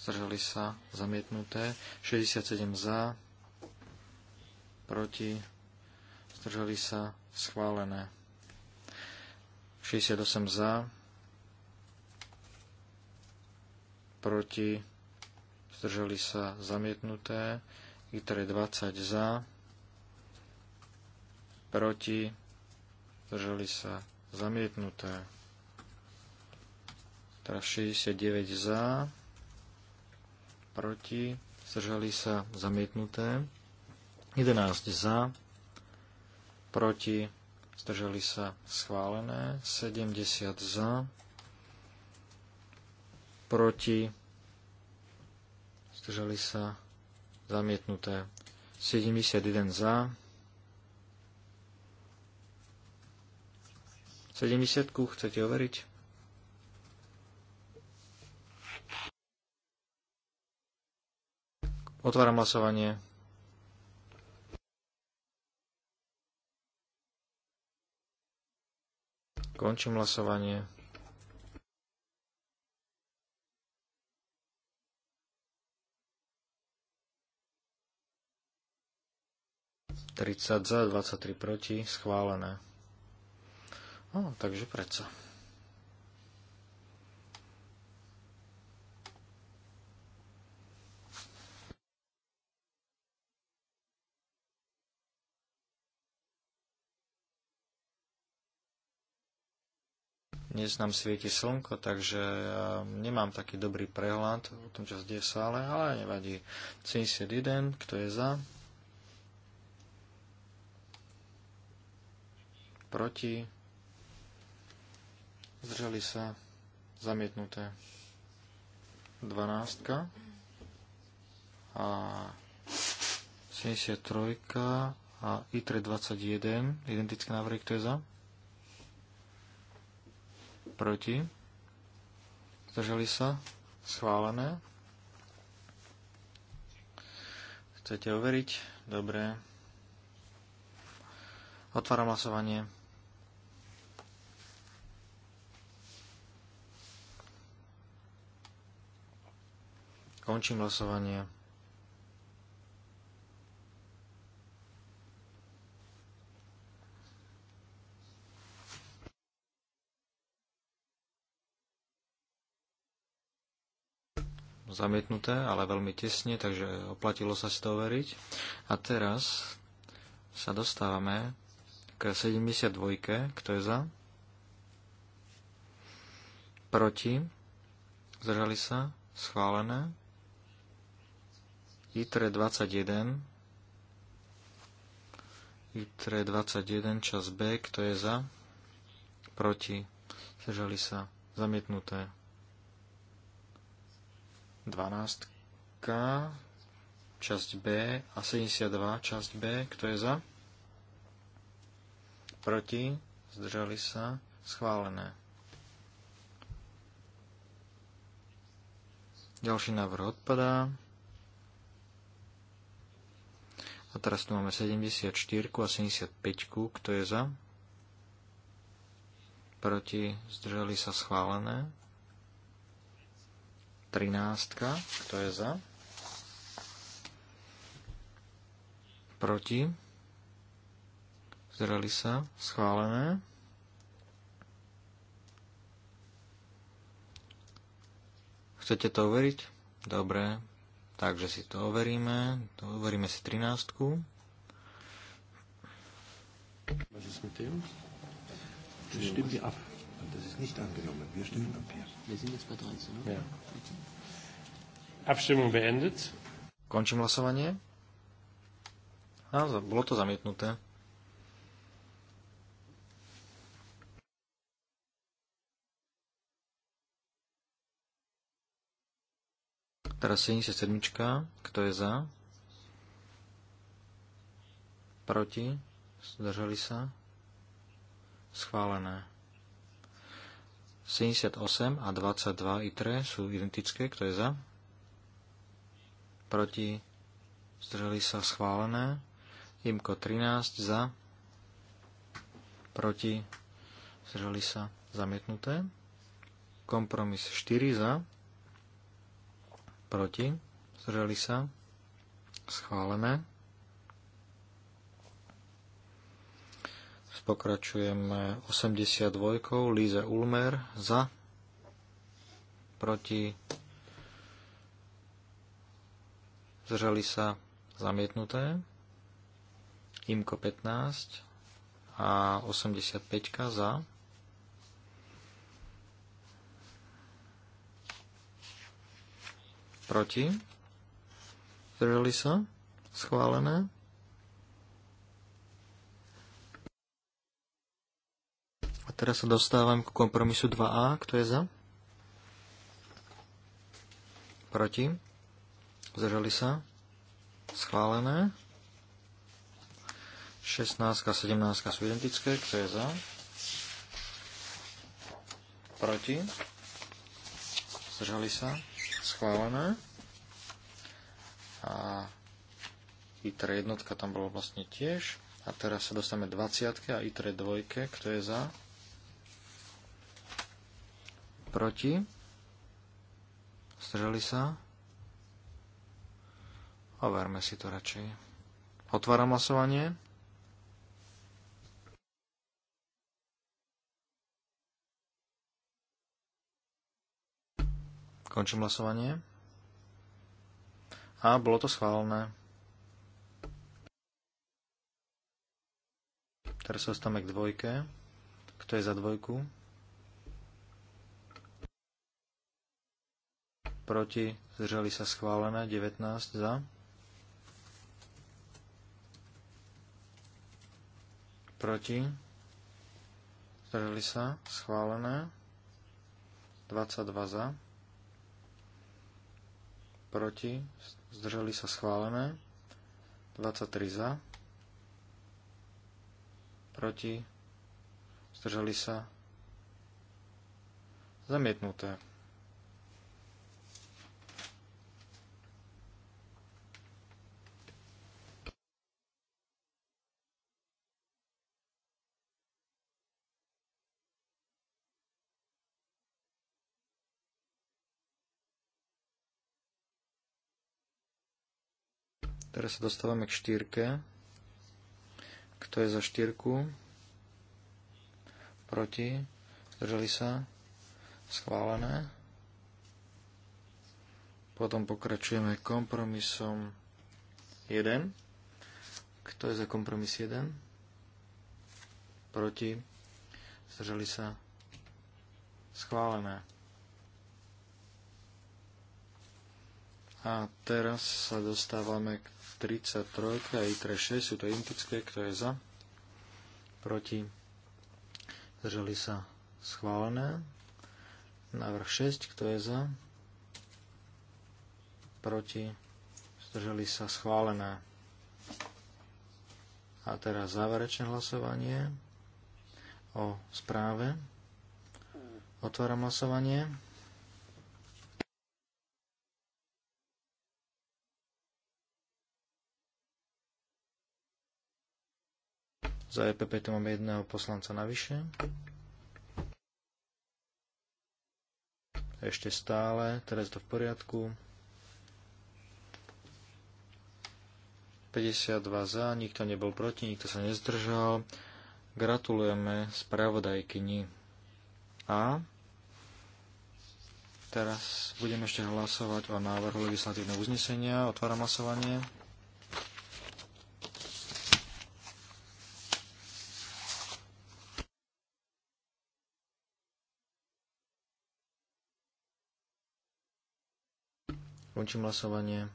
zdržali sa, zamietnuté. 67 za, proti, zdržali sa, schválené. 68 za, proti, zdržali sa, zamietnuté. ITRE 20 za, proti, zdržali sa zamietnuté. Teraz 69 za, proti, zdržali sa zamietnuté. 11 za, proti, zdržali sa schválené. 70 za, proti, zdržali sa zamietnuté. 71 za, 70 chcete overiť? Otváram hlasovanie. Končím hlasovanie. Tridsať za, 23 proti, schválené. No, takže predsa. Dnes nám svieti slnko, takže ja nemám taký dobrý prehľad o tom, čo zde je v sále, ale nevadí. 71, kto je za? Proti? Zdržali sa. Zamietnuté. 12. A 73. A I 21. Identické návrhy. Kto je za? Proti. Zdržali sa. Schválené. Chcete overiť? Dobre. Otváram hlasovanie. Končím hlasovanie. zamietnuté, ale veľmi tesne, takže oplatilo sa si to overiť. A teraz sa dostávame k 72. Kto je za? Proti? Zdržali sa? Schválené? ITRE 21, ITRE 21, čas B, kto je za, proti, zdržali sa, zamietnuté. 12, časť B a 72, časť B, kto je za, proti, zdržali sa, schválené. Ďalší návrh odpadá. A teraz tu máme 74 a 75, kto je za? Proti, zdržali sa schválené. 13, kto je za? Proti, zdržali sa schválené. Chcete to overiť? Dobre, Takže si to overíme. To overíme si 13. Was ist mit dem? Das ab. Das ist nicht angenommen. Wir stimmen ab hier. Wir sind jetzt bei 13, ne? Ja. Abstimmung beendet. Končím hlasovanie. A bolo to zamietnuté. Teraz 77. Kto je za? Proti? Zdržali sa? Schválené. 78 a 22 ITRE sú identické. Kto je za? Proti? Zdržali sa? Schválené. IMKO 13 za? Proti? Zdržali sa? Zamietnuté. Kompromis 4 za? proti, zdržali sa, schválené. Pokračujeme 82. Líze Ulmer za, proti, zdržali sa, zamietnuté. Imko 15 a 85 za, Proti? Zdržali sa? Schválené. A teraz sa dostávam k kompromisu 2a. Kto je za? Proti? Zdržali sa? Schválené. 16 a 17 sú identické. Kto je za? Proti? Zdržali sa? schválené. A ITRE jednotka tam bolo vlastne tiež. A teraz sa dostaneme 20 a ITRE dvojke. Kto je za? Proti? Zdržali sa? Overme si to radšej. Otváram hlasovanie. Končím hlasovanie. A bolo to schválené. Teraz sa dostávame k dvojke. Kto je za dvojku? Proti zdržali sa schválené 19 za. Proti zdržali sa schválené 22 za proti, zdržali sa schválené, 23 za, proti, zdržali sa zamietnuté. Teraz sa dostávame k štyrke. Kto je za štyrku? Proti? Zdržali sa? Schválené. Potom pokračujeme kompromisom 1. Kto je za kompromis 1? Proti? Zdržali sa? Schválené. A teraz sa dostávame k 33 a i 6, sú to identické, kto je za, proti, zdržali sa schválené. Návrh 6, kto je za, proti, zdržali sa schválené. A teraz záverečné hlasovanie o správe. Otváram hlasovanie. Za EPP tu máme jedného poslanca navyše. Ešte stále, teraz to v poriadku. 52 za, nikto nebol proti, nikto sa nezdržal. Gratulujeme spravodajkyni. A teraz budeme ešte hlasovať o návrhu legislatívneho uznesenia. Otváram hlasovanie. Končím hlasovanie.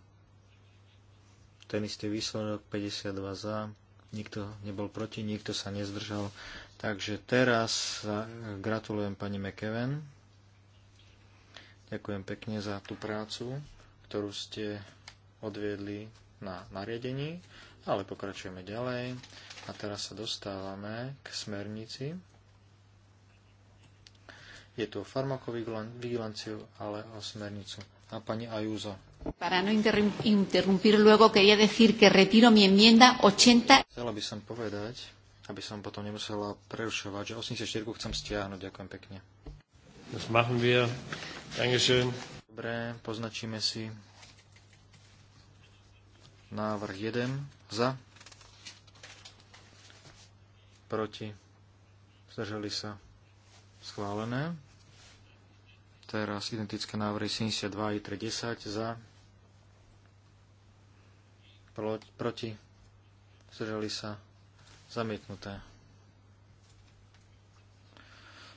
Ten istý výsledok, 52 za, nikto nebol proti, nikto sa nezdržal. Takže teraz gratulujem pani McEwen. Ďakujem pekne za tú prácu, ktorú ste odviedli na nariadení, ale pokračujeme ďalej. A teraz sa dostávame k smernici. Je tu o farmakovigilanciu, ale o smernicu a pani Ayuso. Para no interrumpir luego, quería decir que retiro mi enmienda 80. Chcela by som povedať, aby som potom nemusela prerušovať, že 84 chcem stiahnuť. Ďakujem pekne. Das machen wir. Dankeschön. Dobre, poznačíme si návrh 1 za, proti, zdržali sa, schválené teraz identické návrhy 72 i 30 za, proti, zdržali sa, zamietnuté.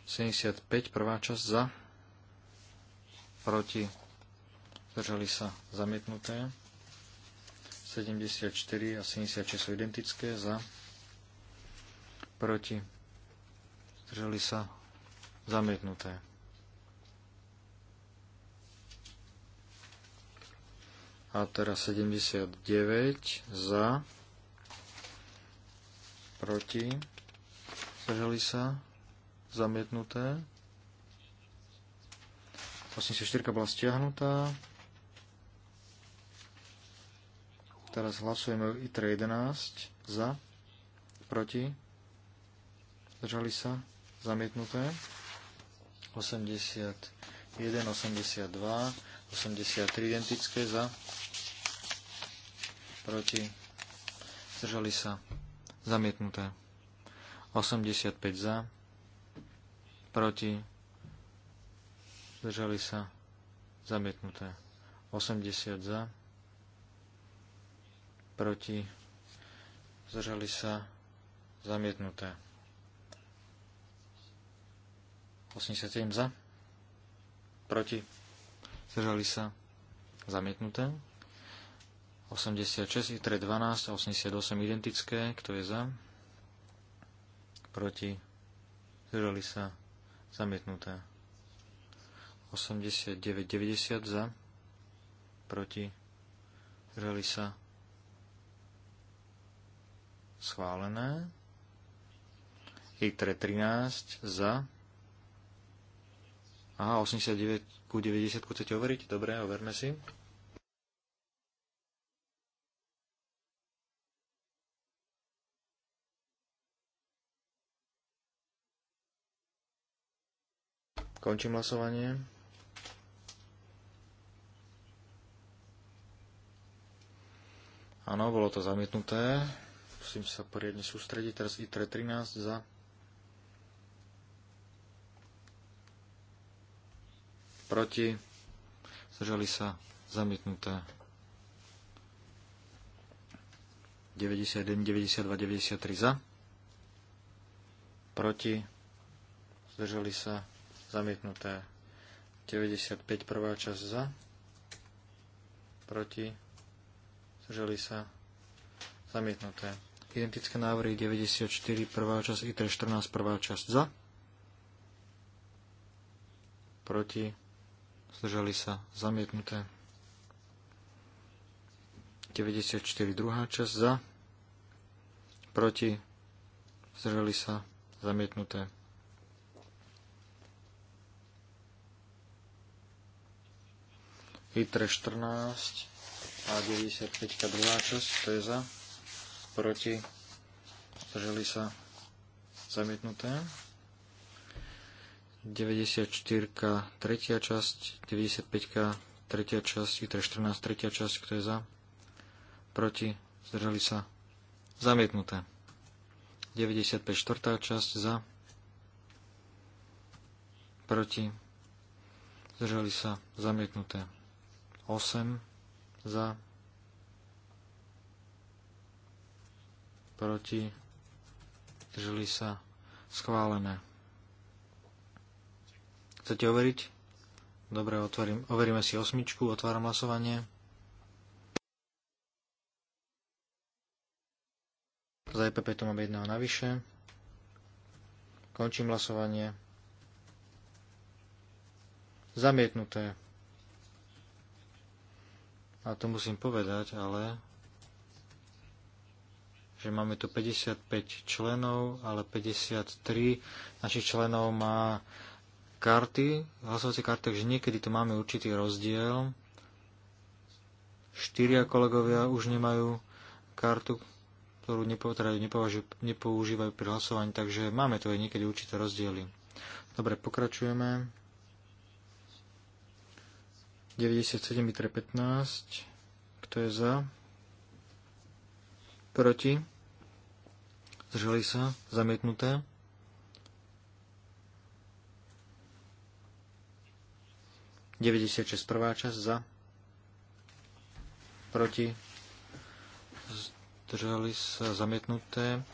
75, prvá časť za, proti, zdržali sa, zamietnuté. 74 a 76 sú identické, za, proti, zdržali sa, zamietnuté. A teraz 79 za, proti, zdržali sa, zamietnuté. 84 bola stiahnutá. Teraz hlasujeme o ITRE 11 za, proti, zdržali sa, zamietnuté. 81, 82, 83 identické za, proti, zdržali sa, zamietnuté. 85 za, proti, zdržali sa, zamietnuté. 80 za, proti, zdržali sa, zamietnuté. 87 za, proti, zdržali sa, zamietnuté. 86, 3, 12 a 88 identické. Kto je za? Proti? Zdržali sa? Zamietnuté. 89, 90 za? Proti? Zdržali sa? Schválené. ITRE 13 za? Aha, 89 ku 90 chcete overiť? Dobre, overme si. Končím hlasovanie. Áno, bolo to zamietnuté. Musím sa poriadne sústrediť. Teraz ITRE 13 za. Proti. Zdržali sa. Zamietnuté. 91, 92, 93 za. Proti. Zdržali sa zamietnuté. 95 prvá časť za, proti, zdržali sa, zamietnuté. Identické návrhy 94 prvá časť i 14 prvá časť za, proti, zdržali sa, zamietnuté. 94 druhá časť za, proti, zdržali sa, zamietnuté. ITRE 14 a 95 druhá časť, to je za, proti, zdržali sa zamietnuté. 94 tretia časť, 95 tretia časť, ITRE 14 tretia časť, kto je za, proti, zdržali sa zamietnuté. 95 štvrtá časť za, proti, zdržali sa zamietnuté. 8 za, proti, zdržali sa, schválené. Chcete overiť? Dobre, otvorím, overíme si osmičku, otváram hlasovanie. Za EPP to mám jedného navyše. Končím hlasovanie. Zamietnuté a to musím povedať, ale že máme tu 55 členov, ale 53 našich členov má karty, hlasovacie karty, takže niekedy tu máme určitý rozdiel. Štyria kolegovia už nemajú kartu, ktorú teda nepoužívajú pri hlasovaní, takže máme tu aj niekedy určité rozdiely. Dobre, pokračujeme. 97 litre 15. Kto je za? Proti? Zdržali sa? Zamietnuté? Deväťdesiatšesť prvá časť za. Proti. Zdržali sa zamietnuté.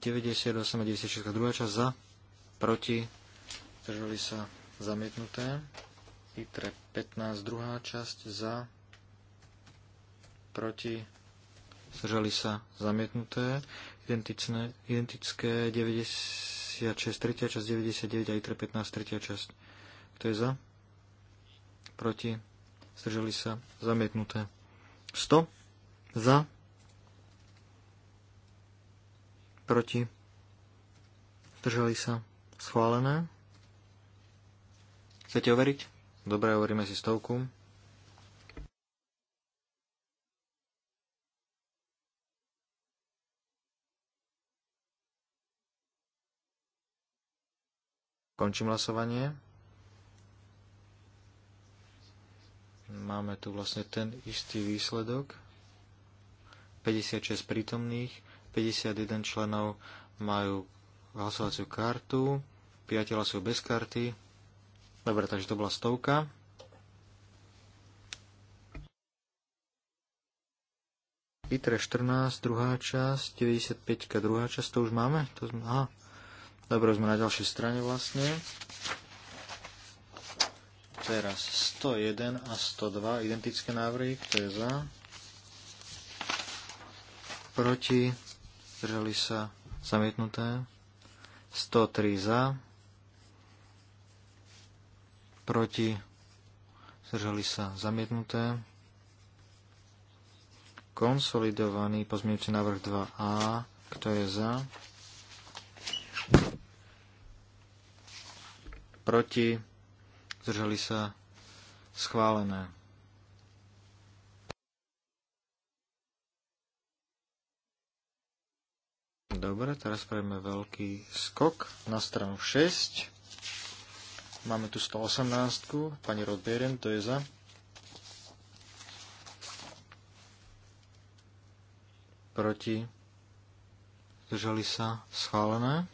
98 a 96 druhá časť za. Proti. Zdržali sa zamietnuté. ITRE 15, druhá časť za, proti, zdržali sa zamietnuté, identické, identické 96, tretia časť 99 a ITRE 15, tretia časť. Kto je za? Proti, zdržali sa zamietnuté. 100 za, proti, zdržali sa schválené. Chcete overiť? Dobre, hovoríme si stovku. Končím hlasovanie. Máme tu vlastne ten istý výsledok. 56 prítomných, 51 členov majú hlasovaciu kartu, 5 hlasujú bez karty, Dobre, takže to bola stovka. ITRE 14, druhá časť, 95, druhá časť, to už máme? To sme, aha. Dobre, sme na ďalšej strane vlastne. Teraz 101 a 102, identické návrhy, kto je za? Proti, zdržali sa, zamietnuté. 103 za, proti, zdržali sa zamietnuté. Konsolidovaný pozmeňujúci návrh 2a, kto je za, proti, zdržali sa schválené. Dobre, teraz spravíme veľký skok na stranu 6. Máme tu 118. Pani Rodbieren, to je za. Proti. Zdržali sa. Schválené.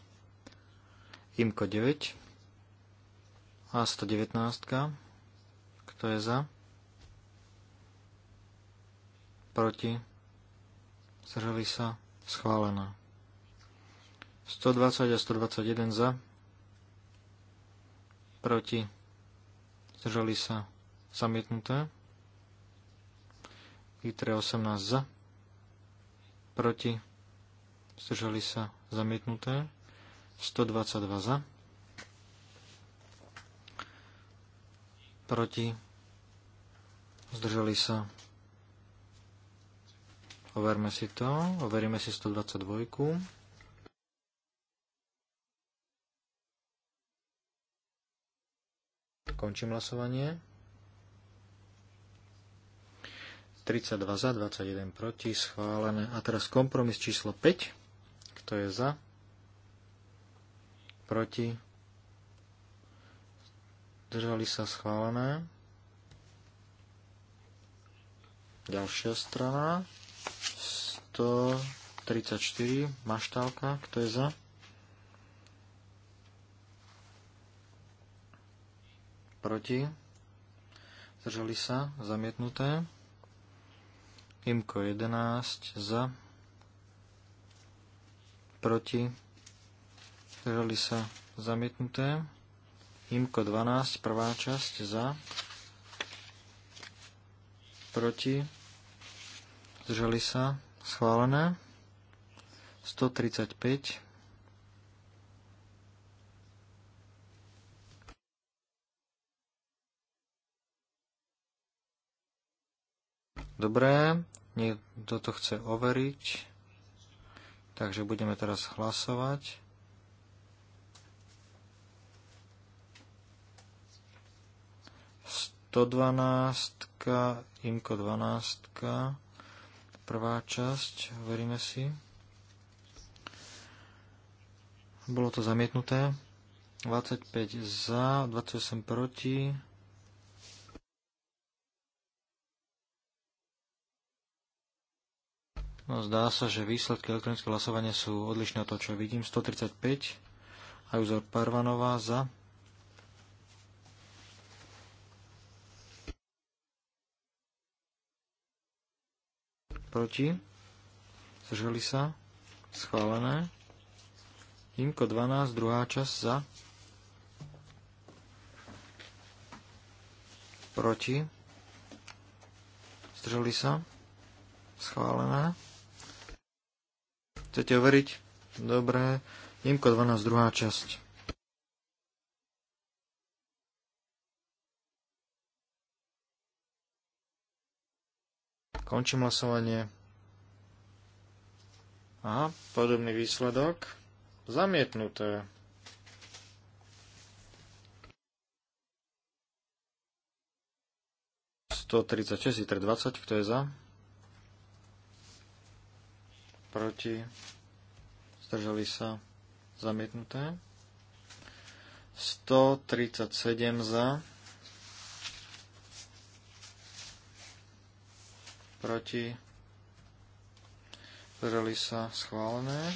Imko 9. A 119. Kto je za? Proti. Zdržali sa. Schválené. 120 a 121 za proti, zdržali sa zamietnuté. I3 18 za, proti, zdržali sa zamietnuté. 122 za, proti, zdržali sa. Overme si to, overíme si 122. Končím hlasovanie. 32 za, 21 proti, schválené. A teraz kompromis číslo 5. Kto je za? Proti? Držali sa schválené. Ďalšia strana. 134. Maštálka. Kto je za? proti, zdržali sa, zamietnuté. Imko 11 za, proti, zdržali sa, zamietnuté. Imko 12, prvá časť za, proti, zdržali sa, schválené. 135 Dobré, niekto to chce overiť. Takže budeme teraz hlasovať. dvanástka, imko 12, prvá časť, veríme si. Bolo to zamietnuté. 25 za, 28 proti. No, zdá sa, že výsledky elektronického hlasovania sú odlišné od toho, čo vidím. 135, Ajuzor Parvanová za. Proti. Zdržali sa. Schválené. Inko 12, druhá časť za. Proti. Zdržali sa. Schválené. Chcete overiť? Dobre. Imko 12, druhá časť. Končím hlasovanie. Aha, podobný výsledok. Zamietnuté. Sto tridsať šesť, kto je za? proti, zdržali sa, zamietnuté. 137 za, proti, zdržali sa, schválené.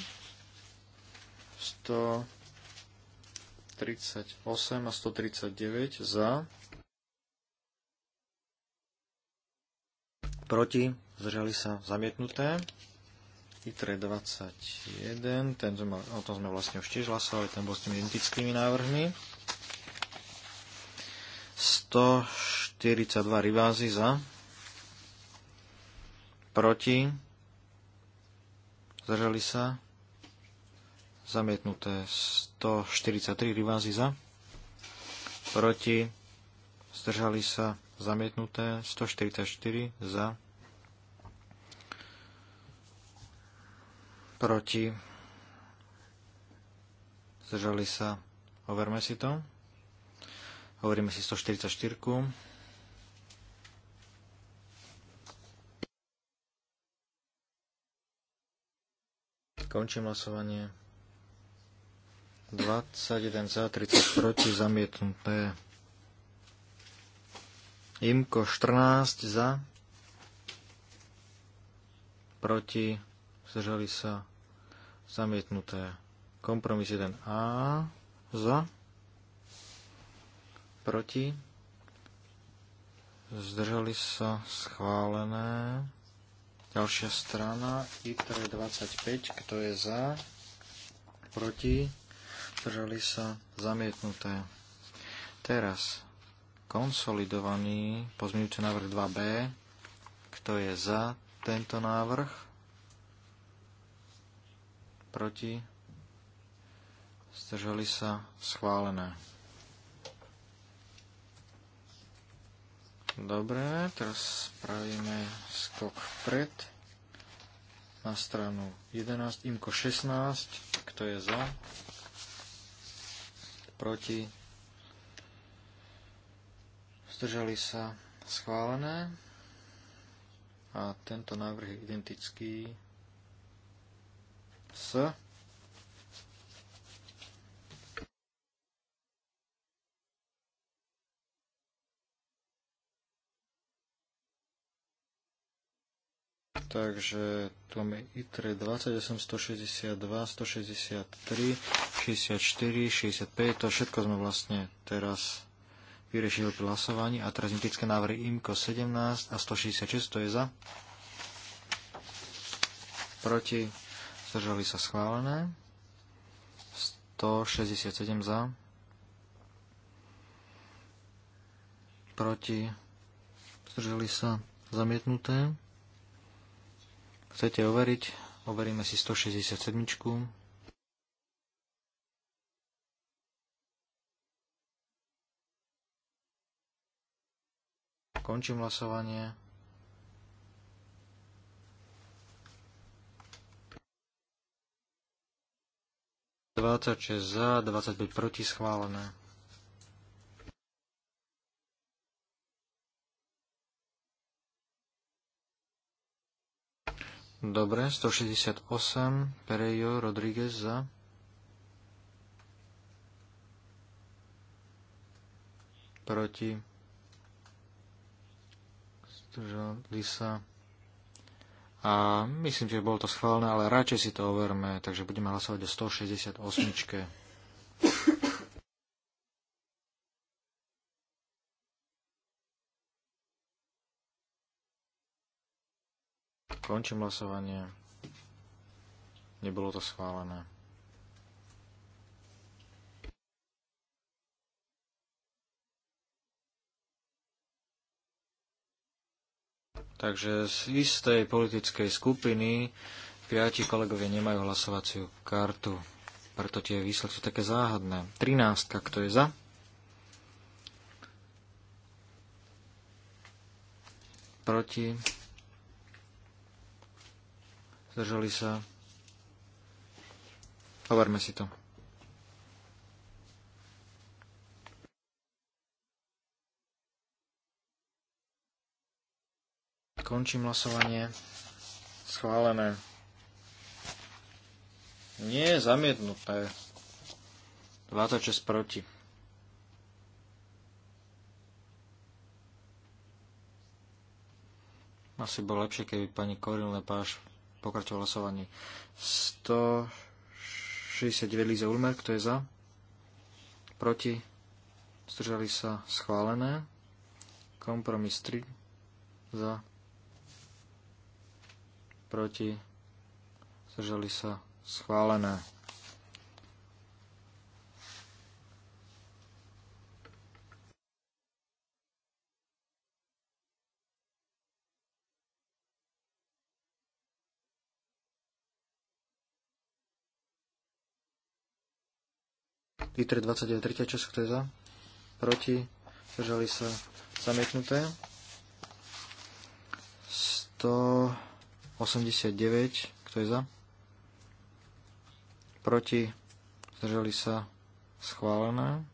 138 a 139 za, proti, zdržali sa, zamietnuté. ITRE 21, ten sme, o tom sme vlastne už tiež hlasovali, ten bol s tými identickými návrhmi. 142 rivázy za, proti, zdržali sa, zamietnuté 143 rivázy za, proti, zdržali sa, zamietnuté 144 za, proti, zdržali sa, overme si to. Hovoríme si 144. -ku. Končím hlasovanie. 21 za, 30 proti, zamietnuté. Imko 14 za, proti, zdržali sa zamietnuté. Kompromis 1A za, proti, zdržali sa schválené. Ďalšia strana, ITRE 25, kto je za, proti, zdržali sa zamietnuté. Teraz konsolidovaný pozmeňujúci návrh 2B, kto je za tento návrh, proti, zdržali sa, schválené. Dobre, teraz spravíme skok vpred na stranu 11, imko 16, kto je za, proti, zdržali sa, schválené. A tento návrh je identický s Takže tu máme ITRE 28, 162, 163, 64, 65, to všetko sme vlastne teraz vyriešili pri hlasovaní. A teraz identické návrhy IMKO 17 a 166, to je za. Proti zdržali sa schválené. 167 za, proti, zdržali sa zamietnuté. Chcete overiť? Overíme si 167. Končím hlasovanie. 26 za, 25 proti schválené. Dobre, 168, Perejo, Rodríguez za. Proti. Zdržali sa. A myslím, že bolo to schválené, ale radšej si to overme, takže budeme hlasovať o 168. Končím hlasovanie. Nebolo to schválené. Takže z istej politickej skupiny piati kolegovia nemajú hlasovaciu kartu. Preto tie výsledky sú také záhadné. 13. Kto je za? Proti? Zdržali sa? Hovorme si to. Končím hlasovanie. Schválené. Nie, je zamietnuté. 26 proti. Asi bolo lepšie, keby pani Koril Lepáš pokračoval hlasovaní. 169 Líze Ulmer, kto je za? Proti? Zdržali sa schválené. Kompromis 3 za, proti, zdržali sa schválené. Liter 29, tretia časť, kto Proti, zdržali sa zamietnuté. 100 89, kto je za? Proti, zdržali sa, schválené.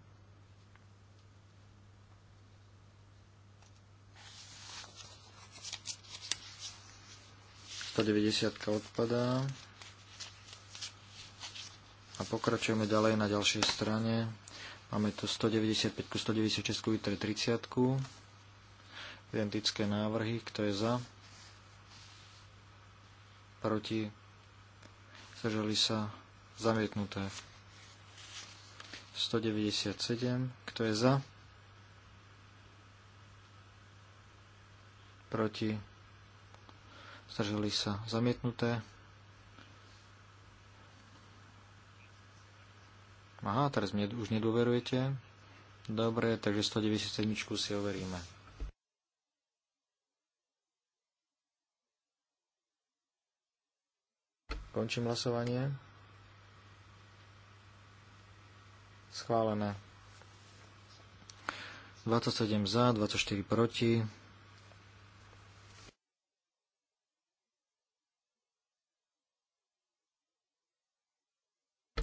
odpadá. A pokračujeme ďalej na ďalšej strane. Máme tu 195, 196, 30. Identické návrhy, kto je za? proti, zdržali sa, zamietnuté. 197, kto je za, proti, zdržali sa, zamietnuté. Aha, teraz mi už nedôverujete. Dobre, takže 197 si overíme. Končím hlasovanie. Schválené. 27 za, 24 proti.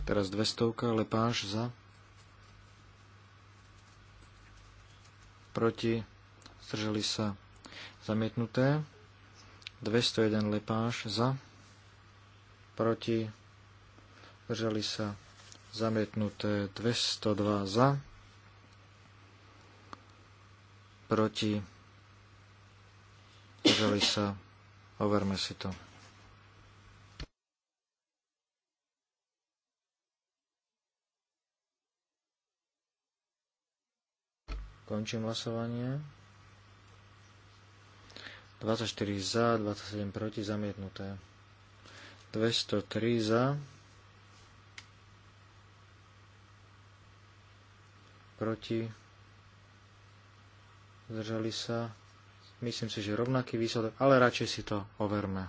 Teraz 200, Lepáš za. Proti. Zdržali sa. Zamietnuté. 201 Lepáš za proti, zdržali sa zamietnuté 202 za, proti, zdržali sa, overme si to. Končím hlasovanie. 24 za, 27 proti, zamietnuté. 203 za, proti, zdržali sa. Myslím si, že rovnaký výsledok, ale radšej si to overme.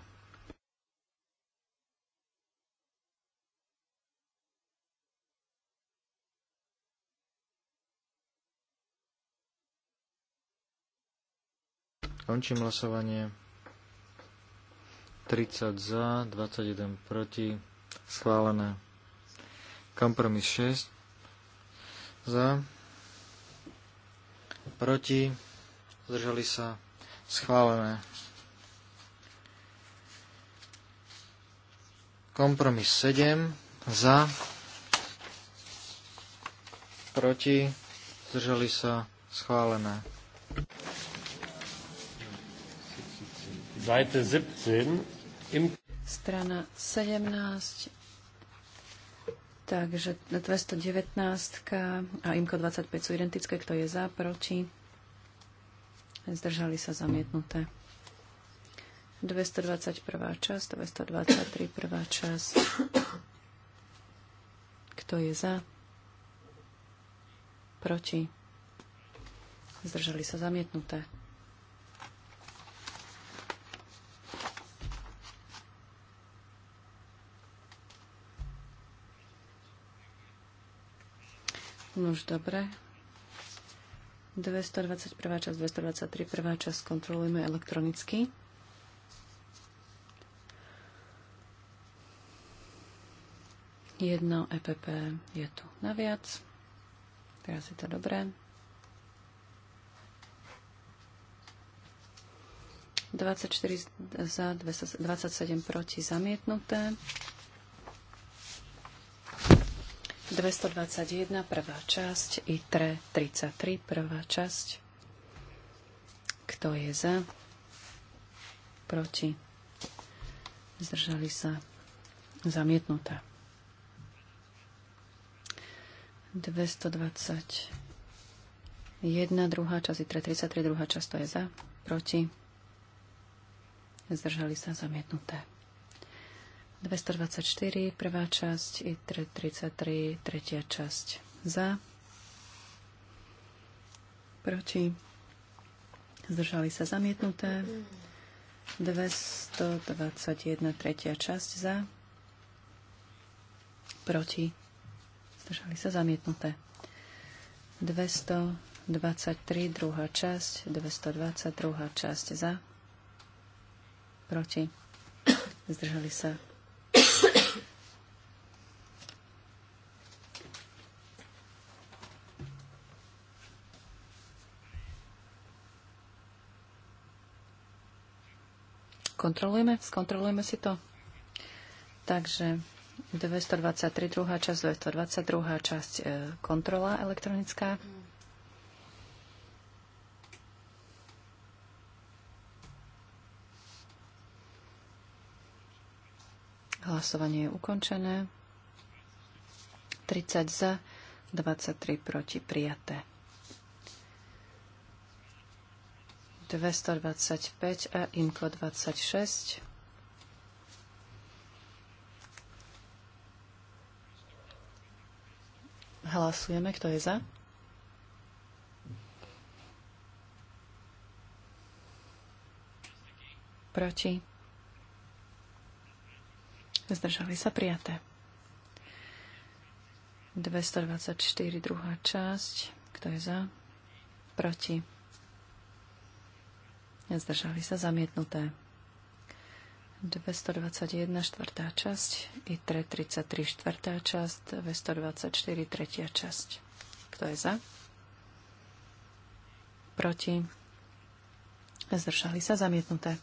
Končím hlasovanie. 30 za, 21 proti, schválené. Kompromis 6 za, proti, zdržali sa, schválené. Kompromis 7 za, proti, zdržali sa, schválené. Seite 17 Strana 17, takže 219 a IMKO 25 sú identické. Kto je za, proti? Zdržali sa zamietnuté. 221. časť, 223. prvá časť. Kto je za? Proti? Zdržali sa zamietnuté. No už dobre. 221. časť, 223. prvá časť kontrolujeme elektronicky. Jedno EPP je tu naviac. Teraz je to dobré. 24 za, 27 proti zamietnuté. 221, prvá časť, ITRE 33, prvá časť. Kto je za? Proti? Zdržali sa? Zamietnutá. 221, druhá časť, ITRE 33, druhá časť, to je za? Proti? Zdržali sa? Zamietnuté. 224, prvá časť, i 33, tretia časť za, proti, zdržali sa zamietnuté, 221, tretia časť za, proti, zdržali sa zamietnuté, 223, druhá časť, 222, časť za, proti, zdržali sa Skontrolujeme? Skontrolujeme si to? Takže 223, druhá časť, 222, časť e, kontrola elektronická. Hlasovanie je ukončené. 30 za, 23 proti prijaté. 225 a IMKO 26. Hlasujeme, kto je za? Proti? Zdržali sa prijaté. 224, druhá časť. Kto je za? Proti? Zdržali sa zamietnuté. 221 štvrtá časť, i 33 štvrtá časť, 224 tretia časť. Kto je za? Proti? Zdržali sa zamietnuté.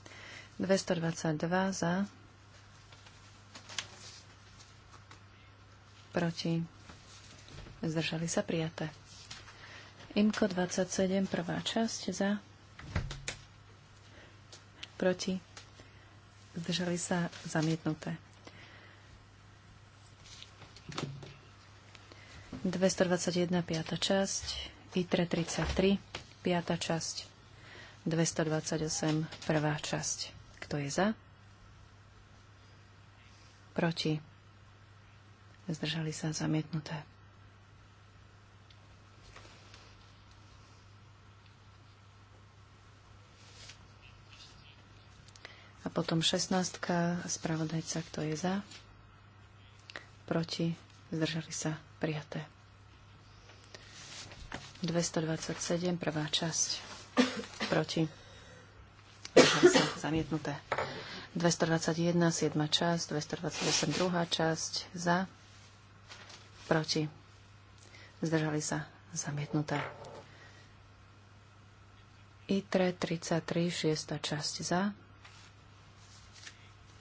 222 za. Proti? Zdržali sa prijaté. IMKO 27 prvá časť za proti, zdržali sa zamietnuté. 221, 5. časť, ITRE 33, 5. časť, 228, prvá časť. Kto je za? Proti. Zdržali sa zamietnuté. potom 16. Spravodajca, kto je za? Proti? Zdržali sa? Prijaté. 227, prvá časť. Proti? Zdržali sa? Zamietnuté. 221, 7. časť. 228, druhá časť. Za? Proti? Zdržali sa? Zamietnuté. ITRE 33, 6. časť. Za?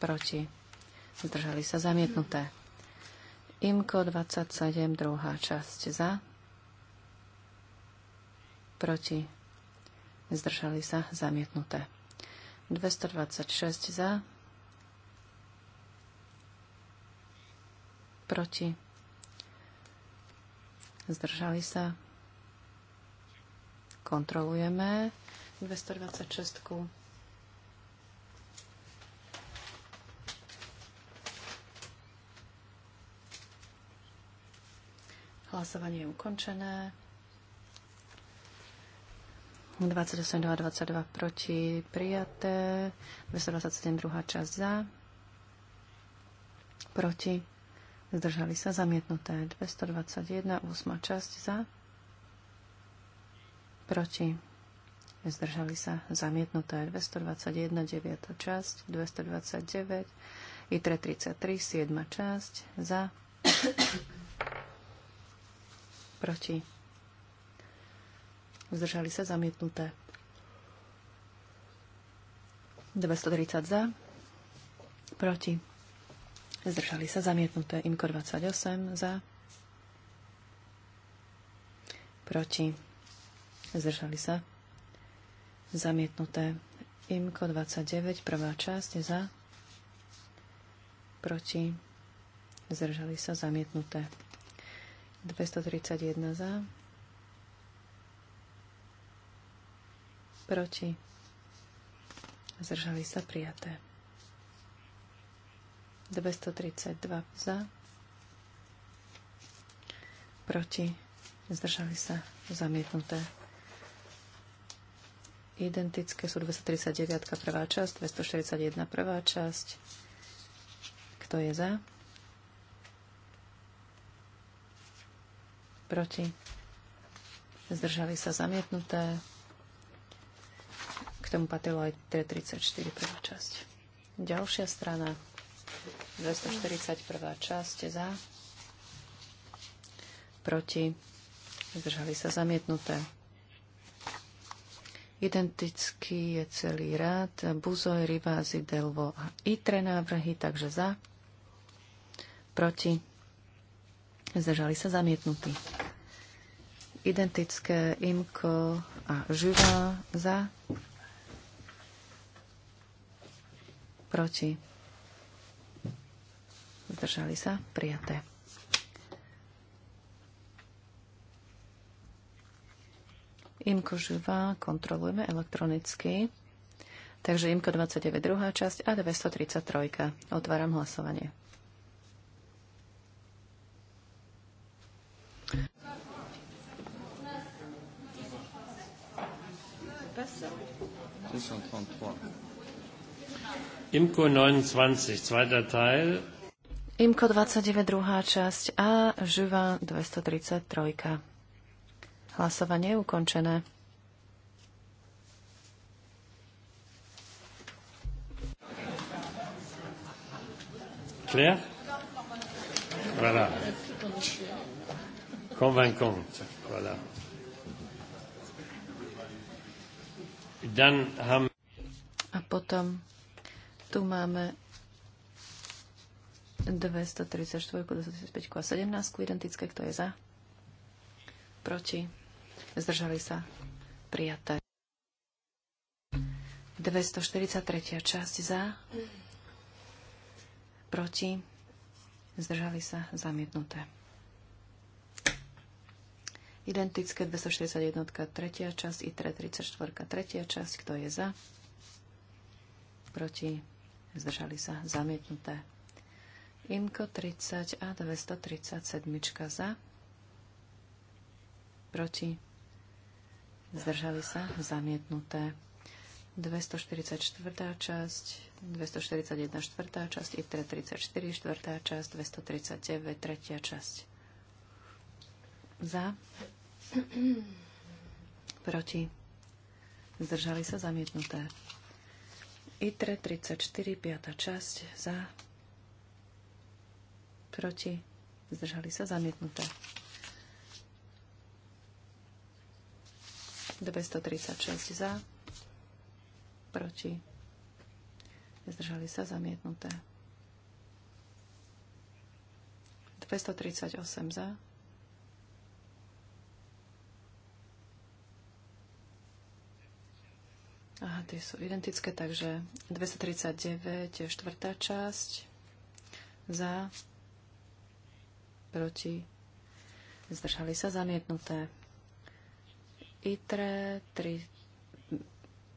proti, zdržali sa zamietnuté. Imko 27, druhá časť za, proti, zdržali sa zamietnuté. 226 za, proti, zdržali sa, kontrolujeme 226. Hlasovanie je ukončené. 28, 22 proti prijaté, 227 druhá časť za, proti, zdržali sa zamietnuté, 221 8 časť za, proti, zdržali sa zamietnuté, 221 9 časť, 229, i 33 7 časť za, proti, zdržali sa zamietnuté. 230 za, proti, zdržali sa zamietnuté. Imko 28 za, proti, zdržali sa zamietnuté. Imko 29, prvá časť za, proti, zdržali sa zamietnuté. 231 za. Proti. Zdržali sa prijaté. 232 za. Proti. Zdržali sa zamietnuté. Identické sú 239 prvá časť, 241 prvá časť. Kto je za? proti, zdržali sa zamietnuté. K tomu patrilo aj T34 prvá časť. Ďalšia strana, 241. časť za, proti, zdržali sa zamietnuté. Identický je celý rád, Buzoj, Rivázy, Delvo a Itre návrhy, takže za, proti, zdržali sa zamietnutí identické imko a živá za, proti, zdržali sa, prijaté. Imko živá kontrolujeme elektronicky. Takže IMKO 29, druhá časť a 233. Otváram hlasovanie. Imko 29, zweiter Teil. Imko 29, druhá časť a Živa 233. Hlasovanie je ukončené. Claire Voilà. Convaincante. Voilà. A potom tu máme 234, 235 a 17 identické. Kto je za? Proti? Zdržali sa? Prijaté. 243. časť za? Proti? Zdržali sa? Zamietnuté. Identické 241. tretia časť, ITRE 34. tretia časť. Kto je za? Proti? Zdržali sa. Zamietnuté. IMKO 30 a 237. za? Proti? Zdržali sa. Zamietnuté. 244. časť, 241. štvrtá časť, i 34. štvrtá časť, 239. tretia časť za, Proti. Zdržali sa zamietnuté. ITRE 34, 5. časť. Za. Proti. Zdržali sa zamietnuté. 236 za. Proti. Zdržali sa zamietnuté. 238 za Aha, tie sú identické, takže 239 je štvrtá časť. Za, proti, zdržali sa zamietnuté. ITRE 3,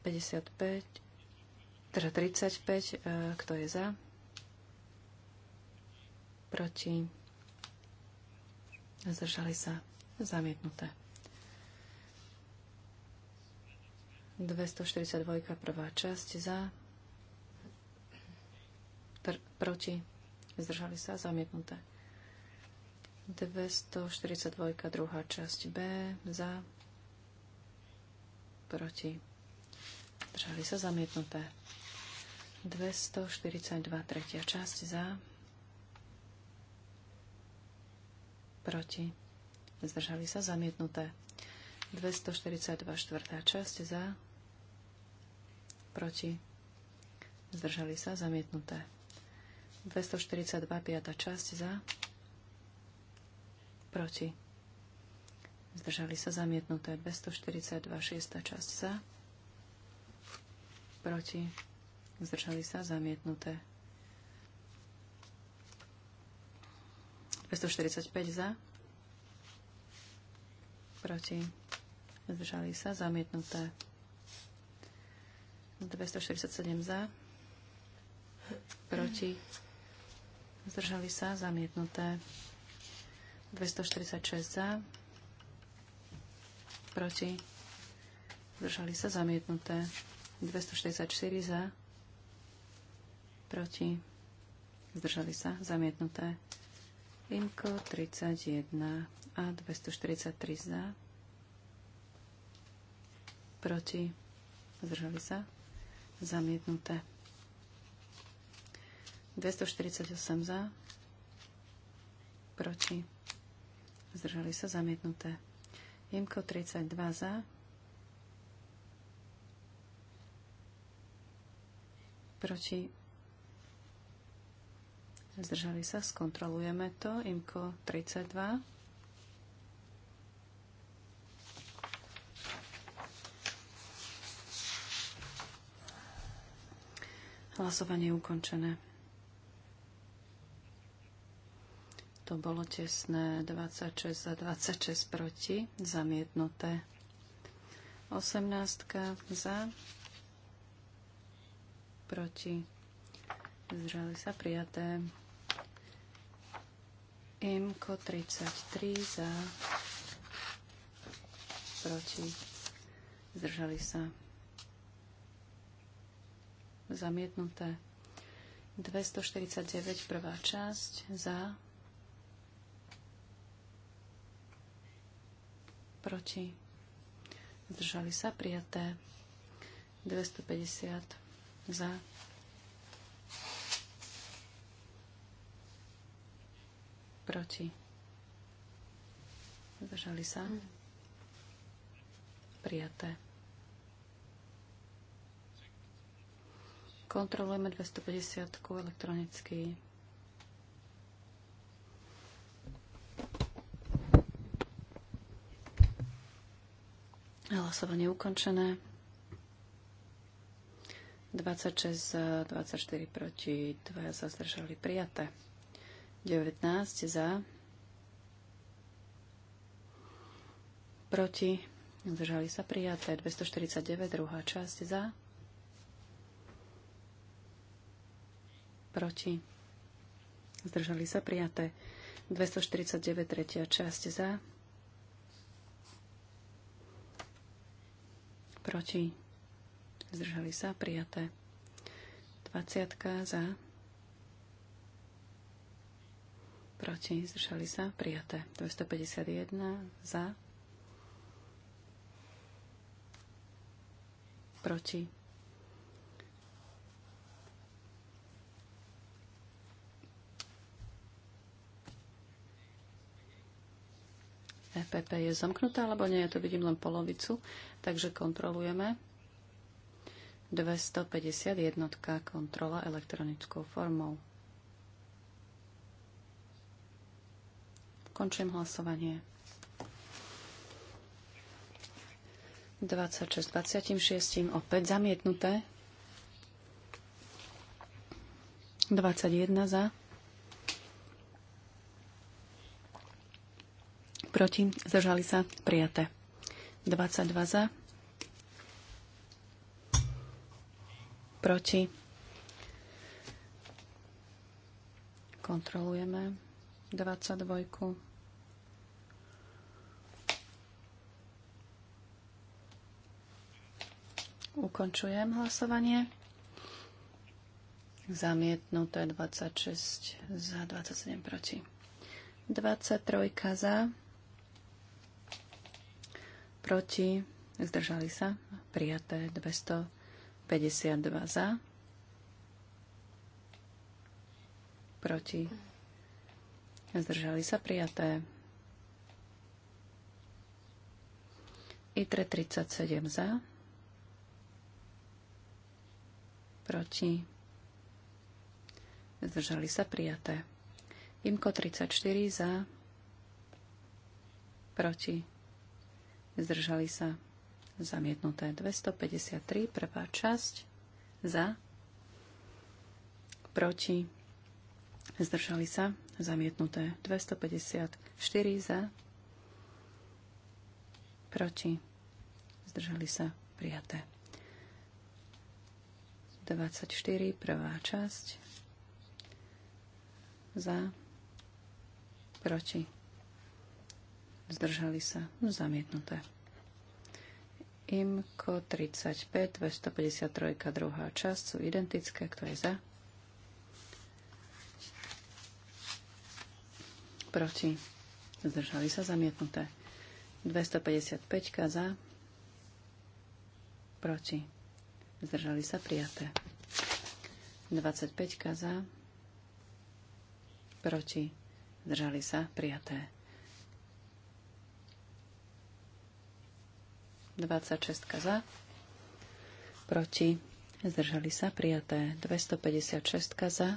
55, teda 35, e, kto je za? Proti, zdržali sa zamietnuté. 242. prvá časť za. Pr- proti. Zdržali sa. Zamietnuté. 242. druhá časť B za. Proti. Zdržali sa. Zamietnuté. 242. tretia časť za. Proti. Zdržali sa. Zamietnuté. 242. štvrtá časť za proti, zdržali sa, zamietnuté. 242, 5. časť za, proti, zdržali sa, zamietnuté. 242, 6. časť za, proti, zdržali sa, zamietnuté. 245 za, proti, zdržali sa, zamietnuté. 247 za, proti, zdržali sa, zamietnuté. 246 za, proti, zdržali sa, zamietnuté. 244 za, proti, zdržali sa, zamietnuté. Inko 31 a 243 za, proti, zdržali sa, Zamietnuté. 248 za. Proti. Zdržali sa zamietnuté. Imko 32 za. Proti. Zdržali sa. Skontrolujeme to. Imko 32. Hlasovanie je ukončené. To bolo tesné 26 za 26 proti, zamietnuté. 18 za, proti, zdržali sa prijaté. Imko 33 za, proti, zdržali sa zamietnuté. 249, prvá časť, za, proti, zdržali sa, prijaté. 250, za, proti, zdržali sa, hm. prijaté. Kontrolujeme 250 elektronicky. Hlasovanie ukončené. 26 za, 24 proti, 2 sa zdržali prijaté. 19 za, proti, zdržali sa prijaté. 249, druhá časť za, proti, zdržali sa prijaté. 249 tretia časť za, proti, zdržali sa prijaté. 20 za, proti, zdržali sa prijaté. 251 za, proti, EPP je zamknutá, alebo nie, ja tu vidím len polovicu, takže kontrolujeme. 250 jednotka kontrola elektronickou formou. Končím hlasovanie. 26, 26, opäť zamietnuté. 21 za. proti, zdržali sa, prijaté. 22 za, proti. Kontrolujeme 22. Ukončujem hlasovanie. Zamietnuté 26 za 27 proti. 23 za proti, zdržali sa, prijaté 252 za, proti, zdržali sa, prijaté ITRE 37 za, proti, zdržali sa, prijaté IMKO 34 za, proti, zdržali sa zamietnuté 253, prvá časť, za, proti, zdržali sa zamietnuté 254, za, proti, zdržali sa prijaté. 24, prvá časť, za, proti, zdržali sa, no, zamietnuté. IMKO 35, 253, druhá časť sú identické, kto je za? Proti, zdržali sa, zamietnuté. 255 za, proti, zdržali sa, prijaté. 25 za, proti, zdržali sa, prijaté. 26 za, proti, zdržali sa prijaté 256 za,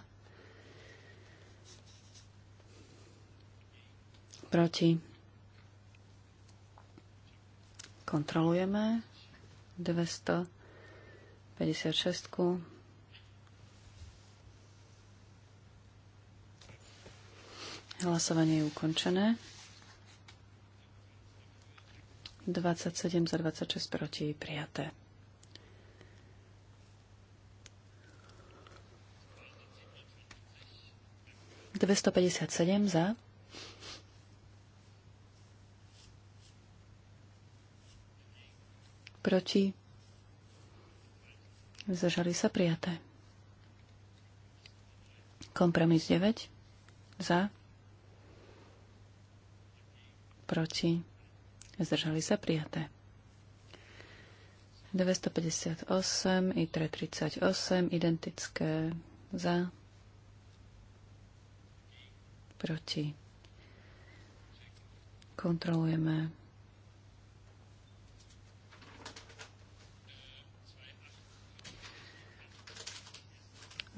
proti, kontrolujeme 256. -ku. Hlasovanie je ukončené. 27 za 26 proti prijaté. Dvesto päťdesiat sedem za. Proti. Zažali sa prijaté. Kompromis 9. Za. Proti zdržali sa prijaté. 258, ITRE 38, identické za, proti. Kontrolujeme.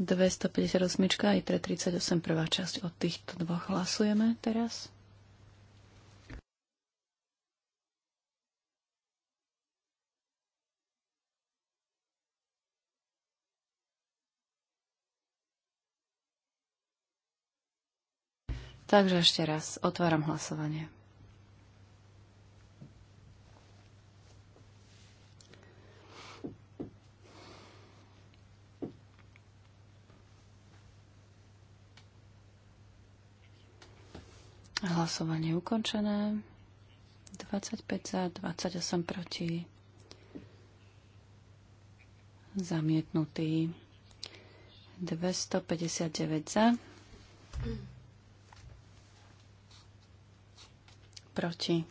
258 osmička, ITRE 38, prvá časť. Od týchto dvoch hlasujeme teraz. Takže ešte raz otváram hlasovanie. Hlasovanie ukončené. 25 za, 28 proti. Zamietnutý. 259 za. Mm. Proti.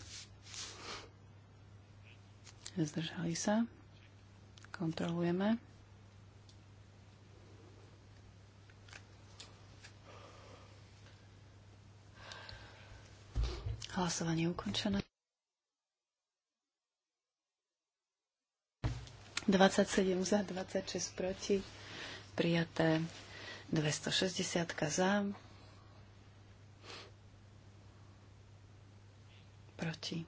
Zdržali sa. Kontrolujeme. Hlasovanie ukončené. 27 za, 26 proti. Prijaté 260 za, Proti.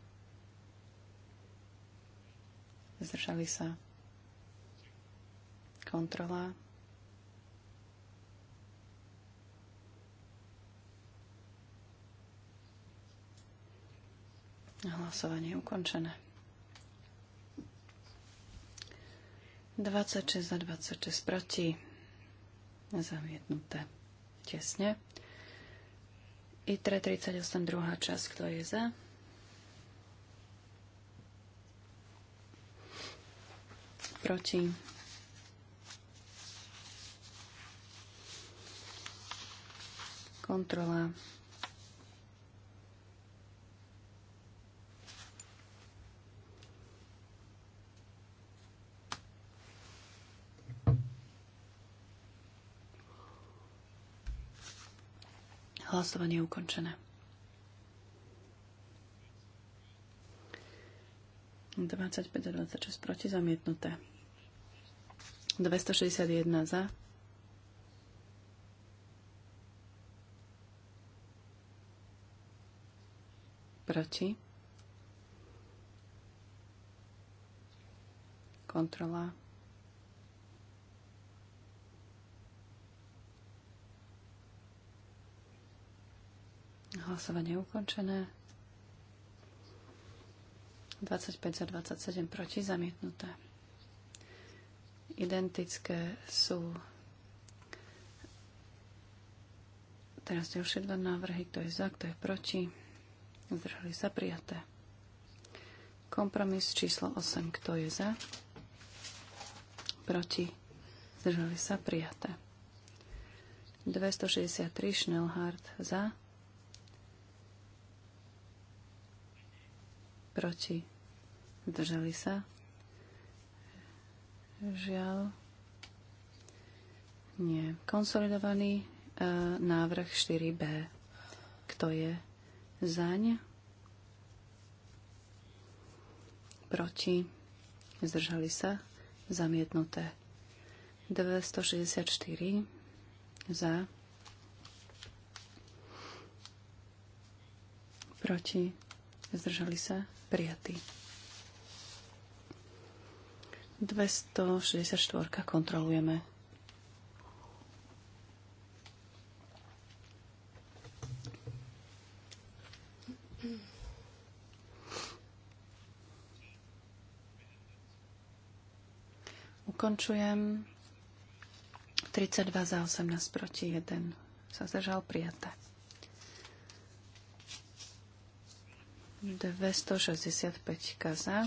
Zdržali sa. Kontrola. Hlasovanie je ukončené. 26 za 26 proti. Zamietnuté. Tesne. ITRE 38, druhá časť, kto je za? proti. Kontrola. Hlasovanie je ukončené. 25 a 26 proti zamietnuté. 261 za. Proti. Kontrola. Hlasovanie ukončené. 25 za 27 proti zamietnuté. Identické sú teraz ďalšie dva návrhy, kto je za, kto je proti. Zdržali sa prijaté. Kompromis číslo 8, kto je za, proti. Zdržali sa prijaté. 263 Schnellhardt za, proti, zdržali sa. Žiaľ, nie. Konsolidovaný e, návrh 4b. Kto je zaň? Proti, zdržali sa, zamietnuté. 264 za, proti, zdržali sa, prijatý. 264 kontrolujeme. Ukončujem. 32 za 18 proti 1 sa zdržal prijaté. 265 za.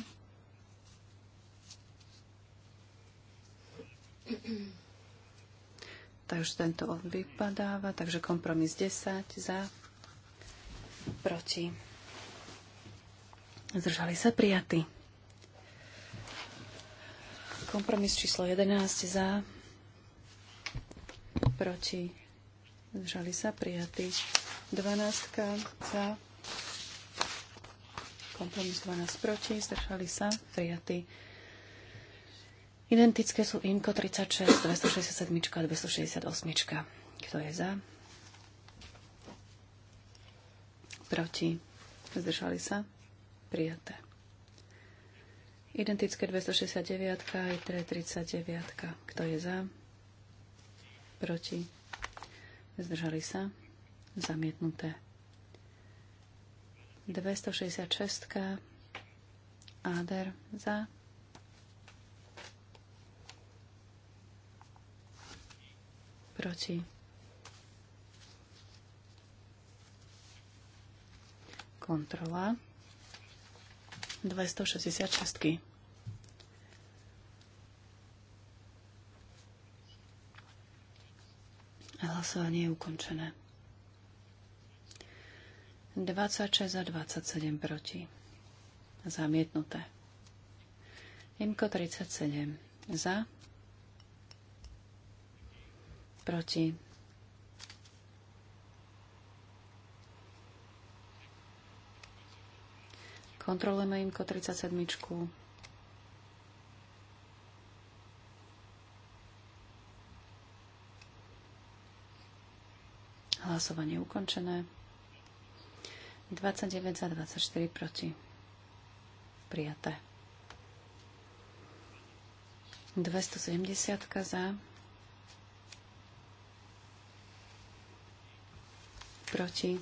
Takže tento od vypadáva. Takže kompromis 10 za. Proti. Zdržali sa prijatí. Kompromis číslo 11 za. Proti. Zdržali sa prijatí. 12 za kompromis 12 proti, zdržali sa, prijatí. Identické sú IMCO 36, 267 a 268. Kto je za? Proti. Zdržali sa? Prijaté. Identické 269 je 39. Kto je za? Proti. Zdržali sa? Zamietnuté. 266. Áder za. Proti. Kontrola. 266. Hlasovanie je ukončené. 26 a 27 proti. Zamietnuté. Imko 37 za. Proti. Kontrolujeme Imko 37. Hlasovanie ukončené. 29 za 24 proti. Prijaté. 270 za. Proti.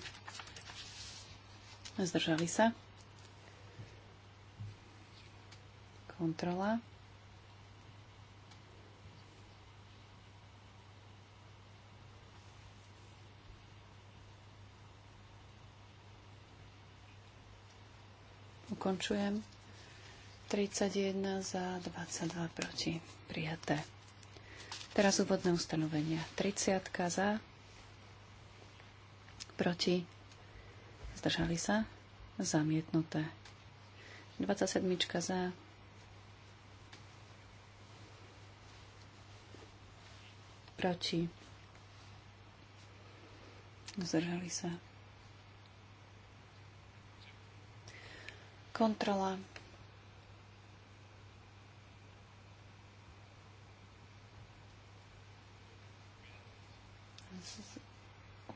Zdržali sa. Kontrola. Ukončujem. 31 za, 22 proti. Prijaté. Teraz úvodné ustanovenia. 30 za, proti, zdržali sa, zamietnuté. 27 za, proti, zdržali sa, Kontrola.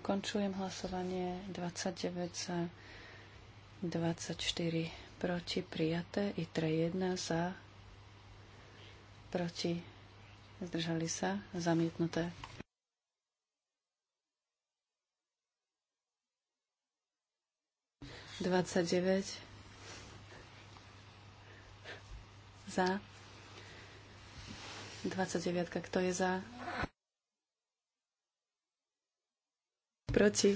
Ukončujem hlasovanie 29 za 24 proti prijaté i 3 1 za proti zdržali sa zamietnuté. Dvadsať deväť za. 29. Kto je za? Proti?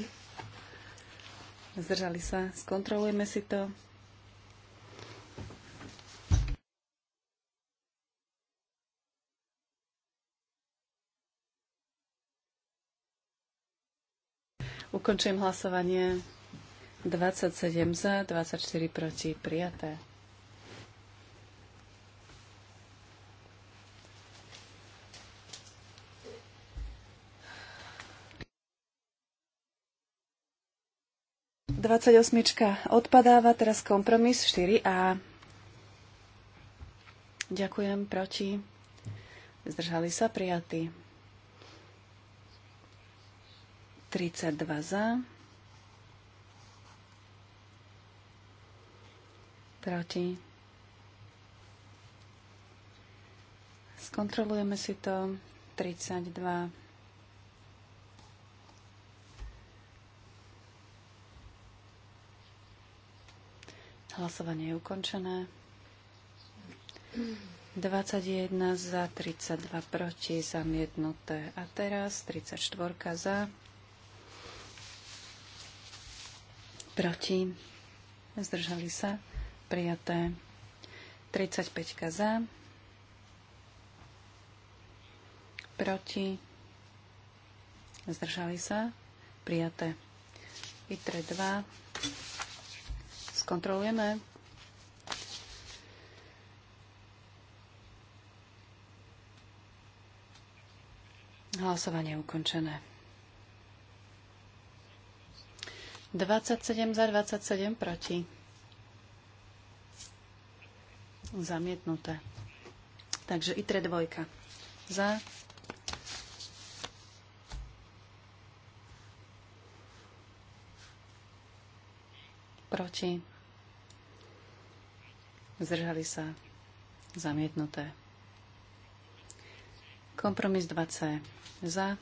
Zdržali sa. Skontrolujeme si to. Ukončujem hlasovanie. 27 za, 24 proti. Prijaté. 28. odpadáva, teraz kompromis 4a. Ďakujem, proti. Zdržali sa prijatí. 32 za. Proti. Skontrolujeme si to. 32. Hlasovanie je ukončené. 21 za, 32 proti, zamietnuté. A teraz 34 za, proti, zdržali sa, prijaté. 35 za, proti, zdržali sa, prijaté. ITRE 2 skontrolujeme. Hlasovanie je ukončené. 27 za 27 proti. Zamietnuté. Takže ITRE dvojka. Za. Proti. Zdržali sa. Zamietnuté. Kompromis 2C. Za.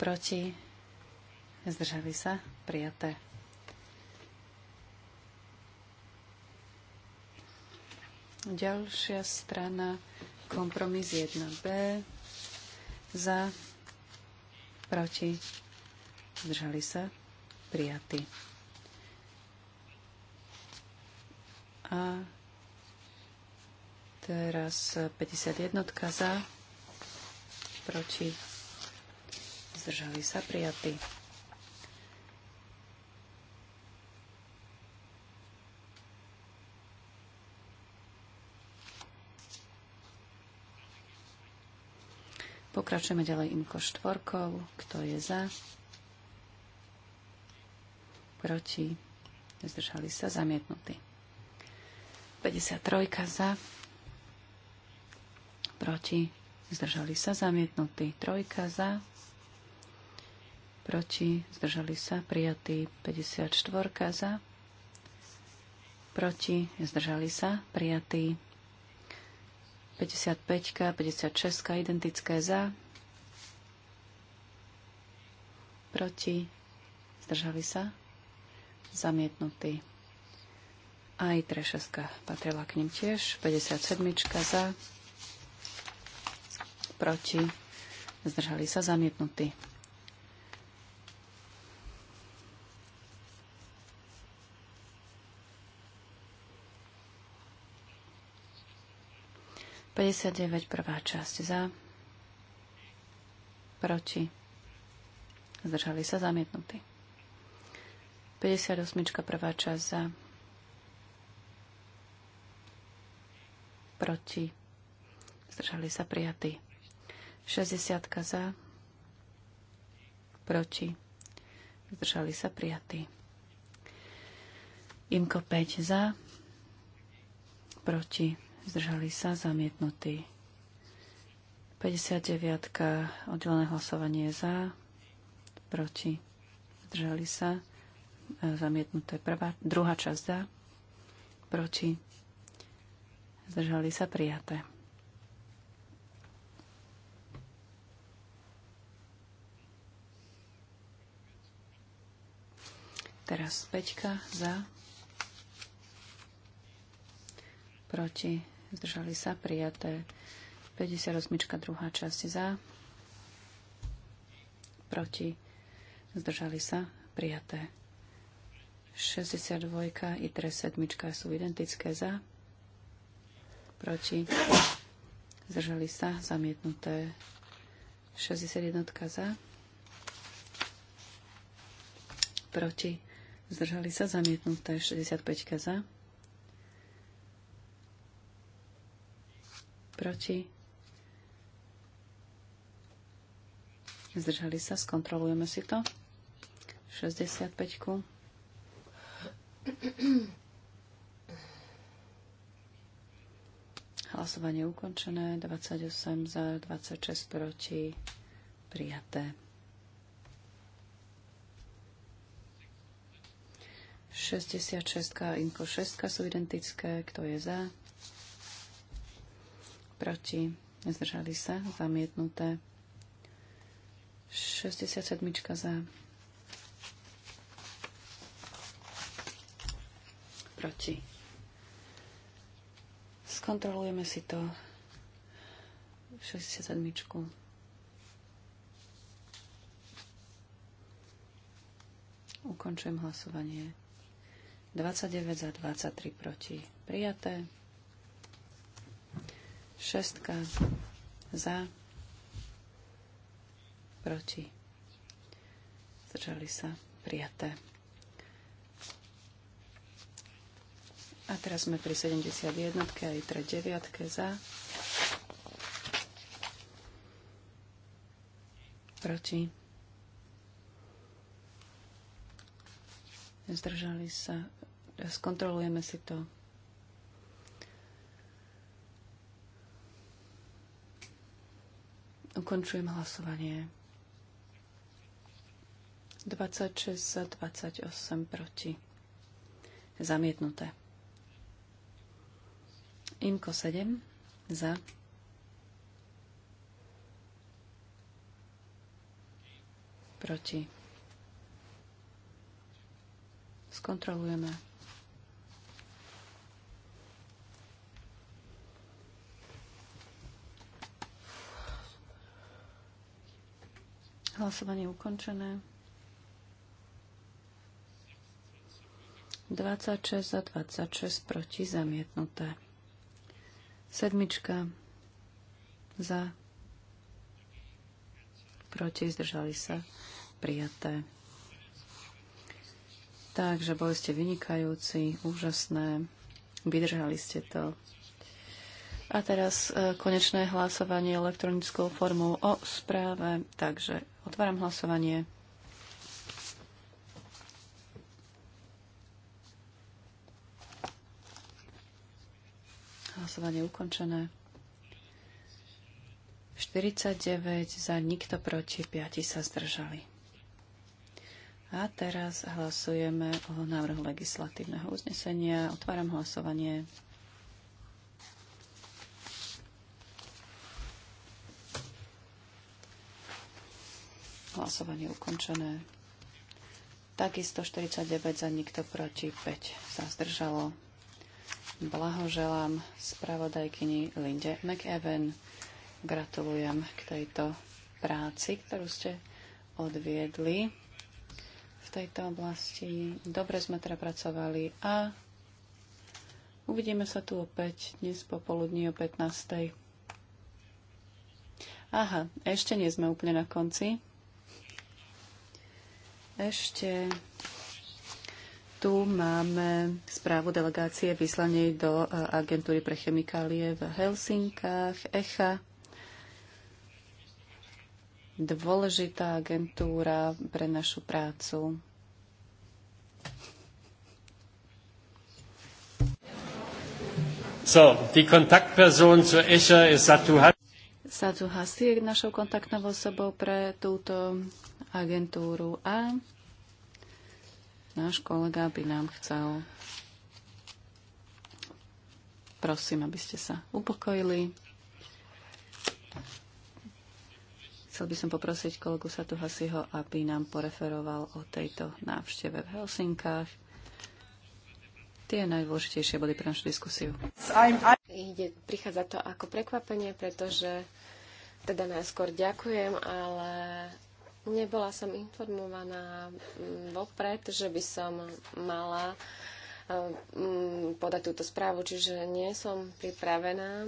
Proti. Zdržali sa. Prijaté. Ďalšia strana. Kompromis 1B. Za. Proti. Zdržali sa. prijatí. A teraz 51 za, proti, zdržali sa prijatí. Pokračujeme ďalej imko štvorkou. Kto je za? Proti? Zdržali sa zamietnutí. 53 za, proti, zdržali sa zamietnutí. Trojka za, proti, zdržali sa prijatí. 54 za, proti, zdržali sa prijatí. 55, 56 identické za, proti, zdržali sa zamietnutí. Aj 36 patrila k nim tiež. 57 za, proti, zdržali sa zamietnutí. prvá časť za, proti, zdržali sa zamietnutí. 58. prvá časť za, proti, zdržali sa prijatí. 60 za, proti, zdržali sa prijatí. Imko 5 za, proti, zdržali sa zamietnutí. 59. oddelené hlasovanie za, proti, zdržali sa, e, zamietnuté prvá, druhá časť za, proti, Zdržali sa prijaté. Teraz Peťka za. Proti. Zdržali sa prijaté. 58. druhá časť za. Proti. Zdržali sa prijaté. 62. i 3. sedmička sú identické za proti, zdržali sa, zamietnuté 61 za, proti, zdržali sa, zamietnuté 65 za, proti, zdržali sa, skontrolujeme si to, 65 Hlasovanie ukončené. 28 za, 26 proti. Prijaté. 66 a Inko 6 sú identické. Kto je za? Proti. Nezdržali sa. Zamietnuté. 67 za. Proti Skontrolujeme si to. 67. Ukončujem hlasovanie. 29 za 23 proti. Prijaté. 6 za proti. Zdržali sa. Prijaté. A teraz sme pri 71. aj pre 9. za. Proti. Zdržali sa. Skontrolujeme si to. Ukončujem hlasovanie. 26 za 28 proti. Zamietnuté. Inko 7 za. Proti. Skontrolujeme. Hlasovanie ukončené. 26 za 26 proti zamietnuté. Sedmička za, proti, zdržali sa, prijaté. Takže boli ste vynikajúci, úžasné, vydržali ste to. A teraz e, konečné hlasovanie elektronickou formou o správe. Takže otváram hlasovanie. Hlasovanie ukončené. 49 za, nikto proti, 5 sa zdržali. A teraz hlasujeme o návrhu legislatívneho uznesenia. Otváram hlasovanie. Hlasovanie ukončené. Takisto 49 za, nikto proti, 5 sa zdržalo. Blahoželám spravodajkyni Linde McEwen. Gratulujem k tejto práci, ktorú ste odviedli v tejto oblasti. Dobre sme teda pracovali a uvidíme sa tu opäť dnes popoludní o 15. Aha, ešte nie sme úplne na konci. Ešte tu máme správu delegácie vyslanej do e, agentúry pre chemikálie v Helsinkách, ECHA. Dôležitá agentúra pre našu prácu. So, die Kontaktperson zu ECHA ist Satu Satu je našou kontaktnou osobou pre túto agentúru. A Náš kolega by nám chcel. Prosím, aby ste sa upokojili. Chcel by som poprosiť kolegu Satuhasiho, aby nám poreferoval o tejto návšteve v Helsinkách. Tie najdôležitejšie boli pre našu diskusiu. Ide, prichádza to ako prekvapenie, pretože teda najskôr ďakujem, ale Nebola som informovaná mm, vopred, že by som mala e, mm, podať túto správu, čiže nie som pripravená.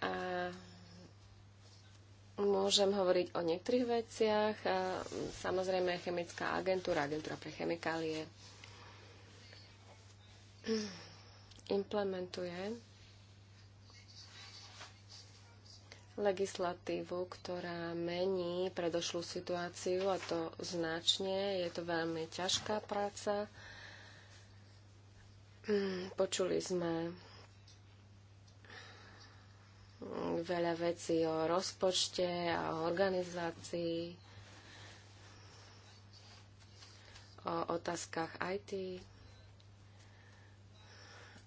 A môžem hovoriť o niektorých veciach. A e, samozrejme, chemická agentúra, agentúra pre chemikálie mm, implementuje legislatívu, ktorá mení predošlú situáciu a to značne. Je to veľmi ťažká práca. Mm, počuli sme veľa vecí o rozpočte a o organizácii, o otázkach IT,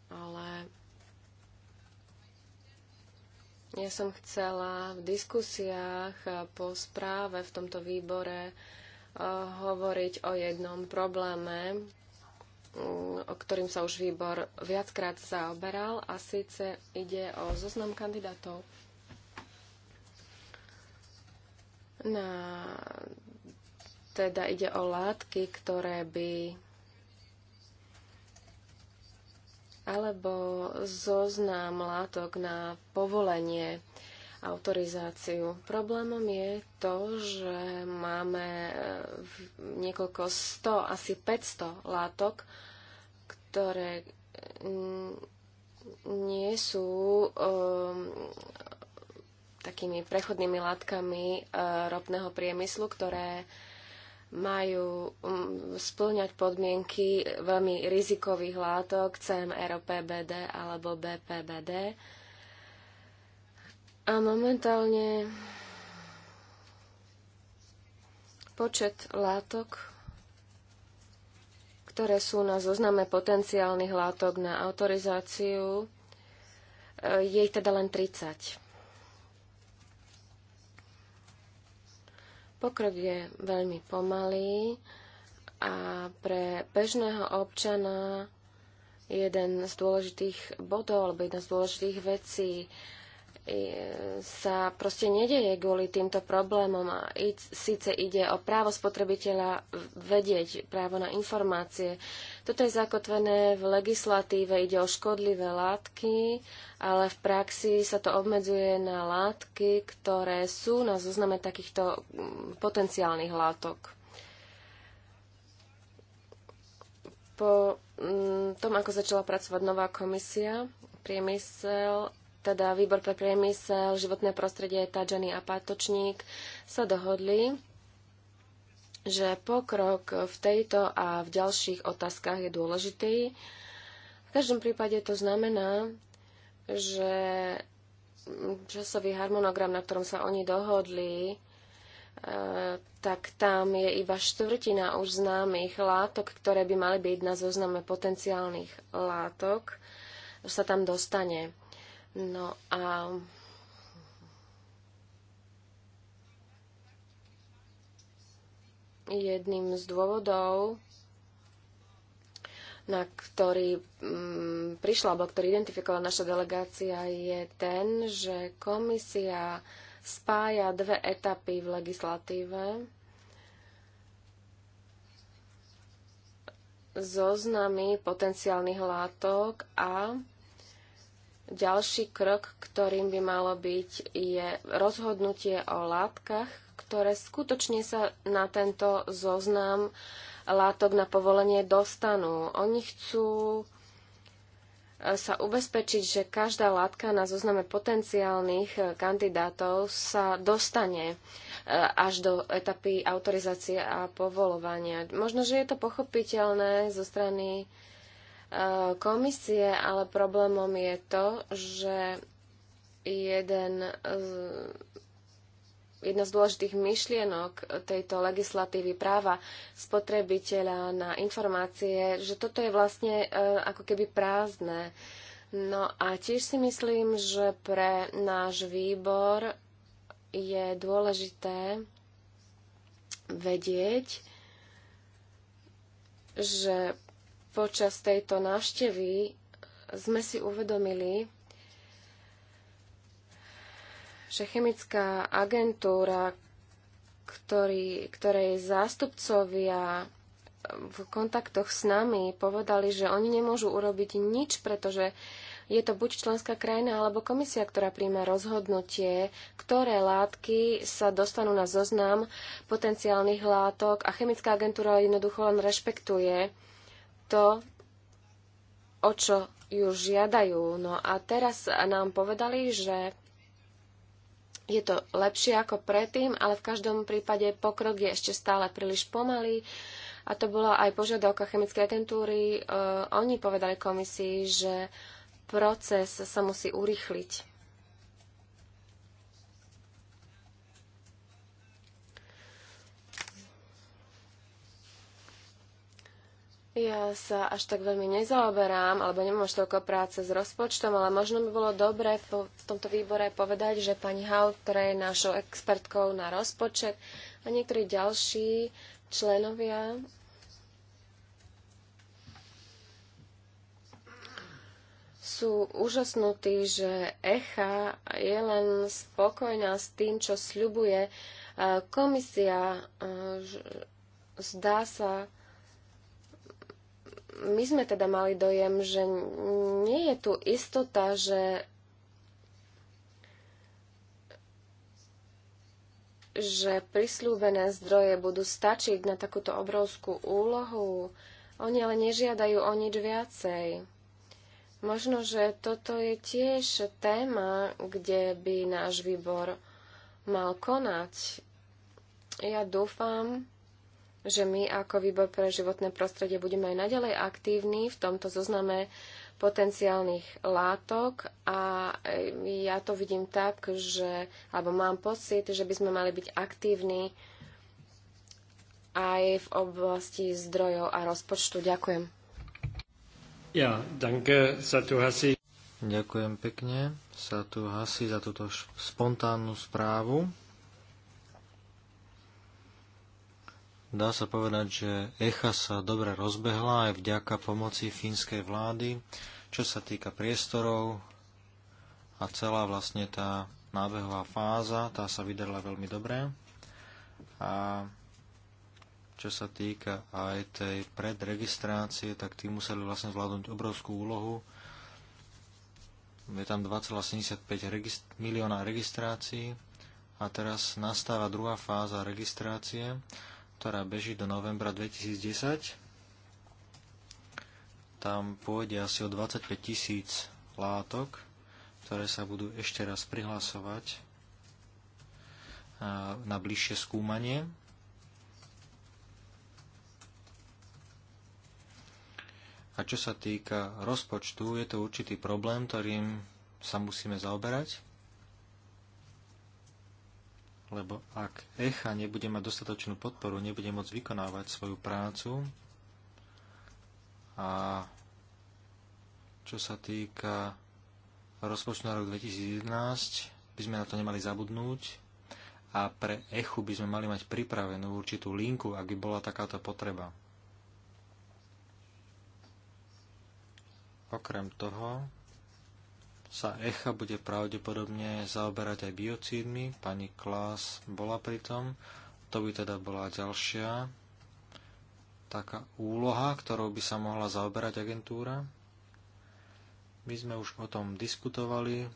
ale ja som chcela v diskusiách eh, po správe v tomto výbore eh, hovoriť o jednom probléme, mm, o ktorým sa už výbor viackrát zaoberal a síce ide o zoznam kandidátov na teda ide o látky, ktoré by alebo zoznam látok na povolenie autorizáciu. Problémom je to, že máme eh, niekoľko 100, asi 500 látok, ktoré mm, nie sú um, takými prechodnými látkami uh, ropného priemyslu, ktoré majú mm, splňať podmienky veľmi rizikových látok CMROPBD alebo BPBD. A momentálne počet látok, ktoré sú na zozname potenciálnych látok na autorizáciu, e, je ich teda len 30. Pokrok je veľmi pomalý a pre bežného občana jeden z dôležitých bodov alebo jedna z dôležitých vecí sa proste nedeje kvôli týmto problémom a síce ide o právo spotrebiteľa vedieť, právo na informácie. Toto je zakotvené v legislatíve, ide o škodlivé látky, ale v praxi sa to obmedzuje na látky, ktoré sú na zozname takýchto mm, potenciálnych látok. Po mm, tom, ako začala pracovať nová komisia, priemysel teda výbor pre priemysel, životné prostredie, Tadžany a Pátočník sa dohodli, že pokrok v tejto a v ďalších otázkach je dôležitý. V každom prípade to znamená, že časový harmonogram, na ktorom sa oni dohodli, e, tak tam je iba štvrtina už známych látok, ktoré by mali byť na zozname potenciálnych látok, sa tam dostane. No a jedným z dôvodov, na ktorý mm, prišla, alebo ktorý identifikovala naša delegácia, je ten, že komisia spája dve etapy v legislatíve. Zoznamy potenciálnych látok a ďalší krok, ktorým by malo byť, je rozhodnutie o látkach, ktoré skutočne sa na tento zoznam látok na povolenie dostanú. Oni chcú e, sa ubezpečiť, že každá látka na zozname potenciálnych e, kandidátov sa dostane e, až do etapy autorizácie a povolovania. Možno, že je to pochopiteľné zo strany komisie, ale problémom je to, že jeden z, jedna z dôležitých myšlienok tejto legislatívy práva spotrebiteľa na informácie, že toto je vlastne e, ako keby prázdne. No a tiež si myslím, že pre náš výbor je dôležité vedieť, že Počas tejto návštevy sme si uvedomili, že chemická agentúra, ktorý, ktorej zástupcovia v kontaktoch s nami povedali, že oni nemôžu urobiť nič, pretože je to buď členská krajina alebo komisia, ktorá príjme rozhodnutie, ktoré látky sa dostanú na zoznam potenciálnych látok a chemická agentúra jednoducho len rešpektuje to, o čo ju žiadajú. No a teraz nám povedali, že je to lepšie ako predtým, ale v každom prípade pokrok je ešte stále príliš pomalý. A to bola aj požiadavka chemickej agentúry. E, oni povedali komisii, že proces sa musí urýchliť. Ja sa až tak veľmi nezaoberám, alebo nemám až toľko práce s rozpočtom, ale možno by bolo dobre v tomto výbore povedať, že pani Hau, ktorá je našou expertkou na rozpočet a niektorí ďalší členovia sú úžasnutí, že ECHA je len spokojná s tým, čo sľubuje komisia. Zdá sa, my sme teda mali dojem, že nie je tu istota, že že prislúbené zdroje budú stačiť na takúto obrovskú úlohu. Oni ale nežiadajú o nič viacej. Možno, že toto je tiež téma, kde by náš výbor mal konať. Ja dúfam, že my ako výbor pre životné prostredie budeme aj naďalej aktívni v tomto zozname potenciálnych látok a e, ja to vidím tak, že, alebo mám pocit, že by sme mali byť aktívni aj v oblasti zdrojov a rozpočtu. Ďakujem. Ja, danke, tu Hasi. Ďakujem pekne, sa tu Hasi, za túto spontánnu správu. Dá sa povedať, že ECHA sa dobre rozbehla aj vďaka pomoci fínskej vlády, čo sa týka priestorov a celá vlastne tá nábehová fáza, tá sa vydarila veľmi dobre. A čo sa týka aj tej predregistrácie, tak tí museli vlastne zvládnuť obrovskú úlohu. Je tam 2,75 regist- milióna registrácií a teraz nastáva druhá fáza registrácie ktorá beží do novembra 2010. Tam pôjde asi o 25 tisíc látok, ktoré sa budú ešte raz prihlasovať eh, na bližšie skúmanie. A čo sa týka rozpočtu, je to určitý problém, ktorým sa musíme zaoberať lebo ak ECHA nebude mať dostatočnú podporu, nebude môcť vykonávať svoju prácu a čo sa týka rozpočtu na rok 2011, by sme na to nemali zabudnúť a pre ECHU by sme mali mať pripravenú určitú linku, ak by bola takáto potreba. Okrem toho sa ECHA bude pravdepodobne zaoberať aj biocídmi. Pani Klás bola pri tom. To by teda bola ďalšia taká úloha, ktorou by sa mohla zaoberať agentúra. My sme už o tom diskutovali,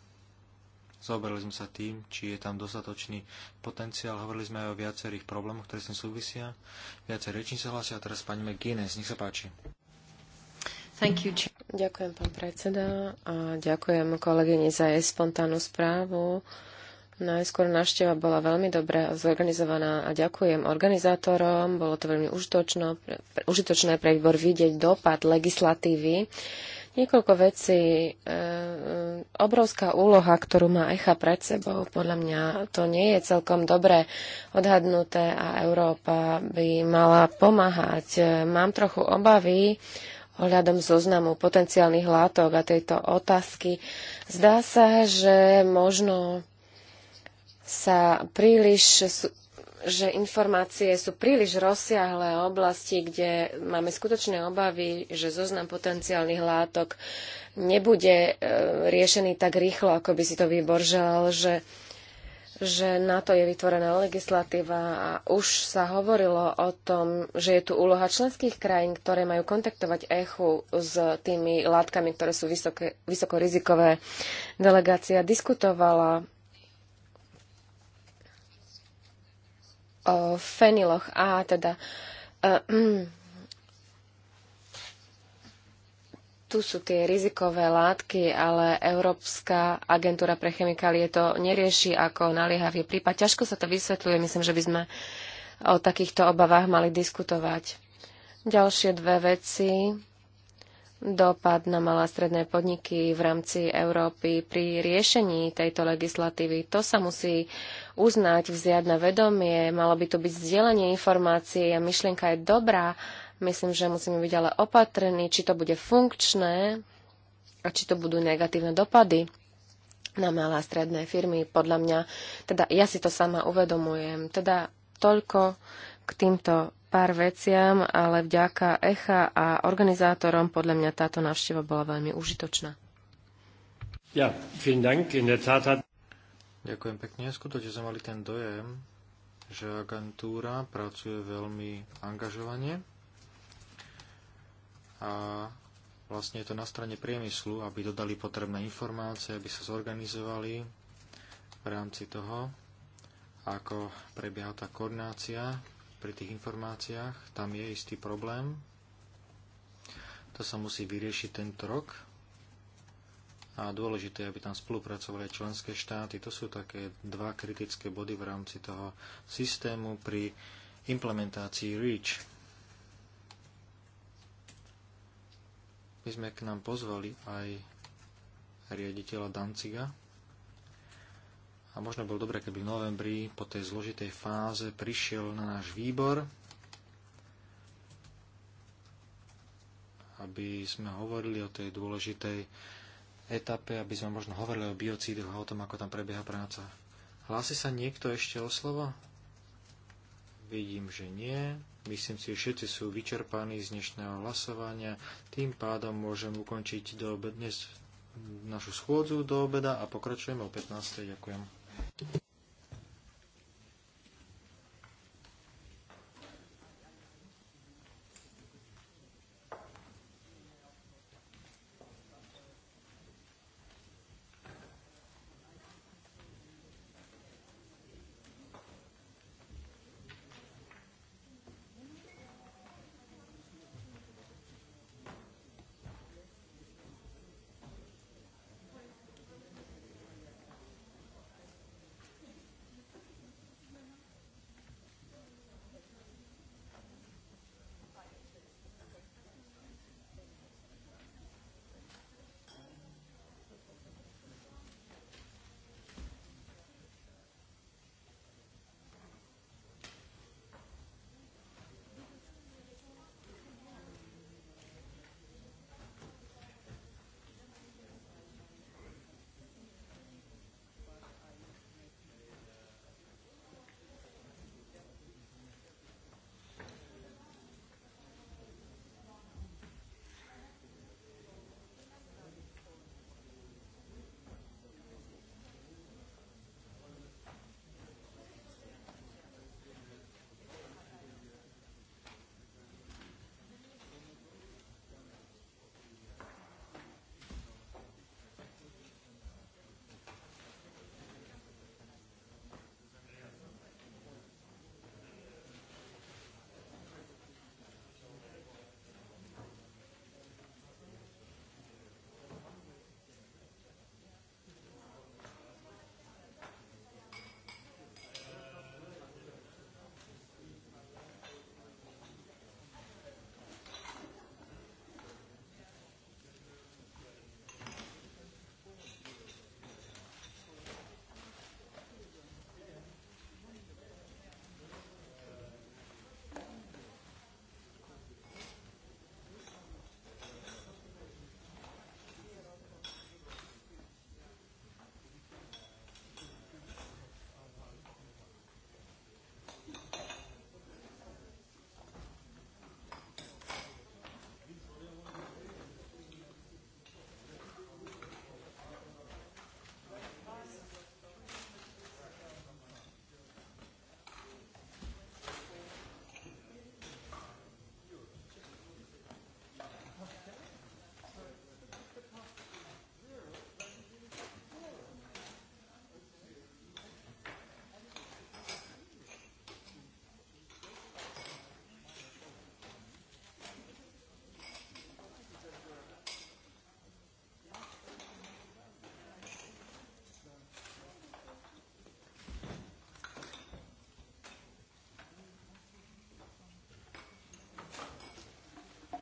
zaoberali sme sa tým, či je tam dostatočný potenciál, hovorili sme aj o viacerých problémoch, ktoré s tým súvisia. Viacerí rečníci sa hlasia a teraz pani McGuinness, nech sa páči ďakujem, pán predseda, a ďakujem kolegyni za jej spontánnu správu. Najskôr návšteva bola veľmi dobre zorganizovaná a ďakujem organizátorom. Bolo to veľmi užitočno, pre, užitočné pre výbor vidieť dopad legislatívy. Niekoľko vecí. E, e obrovská úloha, ktorú má ECHA pred sebou, podľa mňa to nie je celkom dobre odhadnuté a Európa by mala pomáhať. E, mám trochu obavy, ohľadom zoznamu potenciálnych látok a tejto otázky. Zdá sa, že možno sa príliš že informácie sú príliš rozsiahlé oblasti, kde máme skutočné obavy, že zoznam potenciálnych látok nebude e, riešený tak rýchlo, ako by si to výbor želal, že že na to je vytvorená legislatíva a už sa hovorilo o tom, že je tu úloha členských krajín, ktoré majú kontaktovať ECHU s tými látkami, ktoré sú vysoké, vysokorizikové. Delegácia diskutovala o feniloch A, teda uh, tu sú tie rizikové látky, ale Európska agentúra pre chemikálie to nerieši ako naliehavý prípad. Ťažko sa to vysvetľuje, myslím, že by sme o takýchto obavách mali diskutovať. Ďalšie dve veci. Dopad na malé a stredné podniky v rámci Európy pri riešení tejto legislatívy. To sa musí uznať, vziať na vedomie. Malo by tu byť zdieľanie informácií a myšlienka je dobrá, Myslím, že musíme byť ale opatrní, či to bude funkčné a či to budú negatívne dopady na malé a stredné firmy. Podľa mňa, teda ja si to sama uvedomujem. Teda toľko k týmto pár veciam, ale vďaka ECHA a organizátorom podľa mňa táto návšteva bola veľmi užitočná. Ja, vielen Dank. In der Tat hat... Ďakujem pekne. Skutočne sme mali ten dojem, že agentúra pracuje veľmi angažovane a vlastne je to na strane priemyslu, aby dodali potrebné informácie, aby sa zorganizovali v rámci toho, ako prebieha tá koordinácia pri tých informáciách. Tam je istý problém. To sa musí vyriešiť tento rok. A dôležité aby tam spolupracovali členské štáty. To sú také dva kritické body v rámci toho systému pri implementácii REACH by sme k nám pozvali aj riaditeľa Danciga. A možno bol dobre, keby v novembri po tej zložitej fáze prišiel na náš výbor, aby sme hovorili o tej dôležitej etape, aby sme možno hovorili o biocídoch a o tom, ako tam prebieha práca. Hlási sa niekto ešte o slovo? Vidím, že nie. Myslím si, že všetci sú vyčerpaní z dnešného hlasovania. Tým pádom môžem ukončiť do obed, dnes našu schôdzu do obeda a pokračujeme o 15. Ďakujem.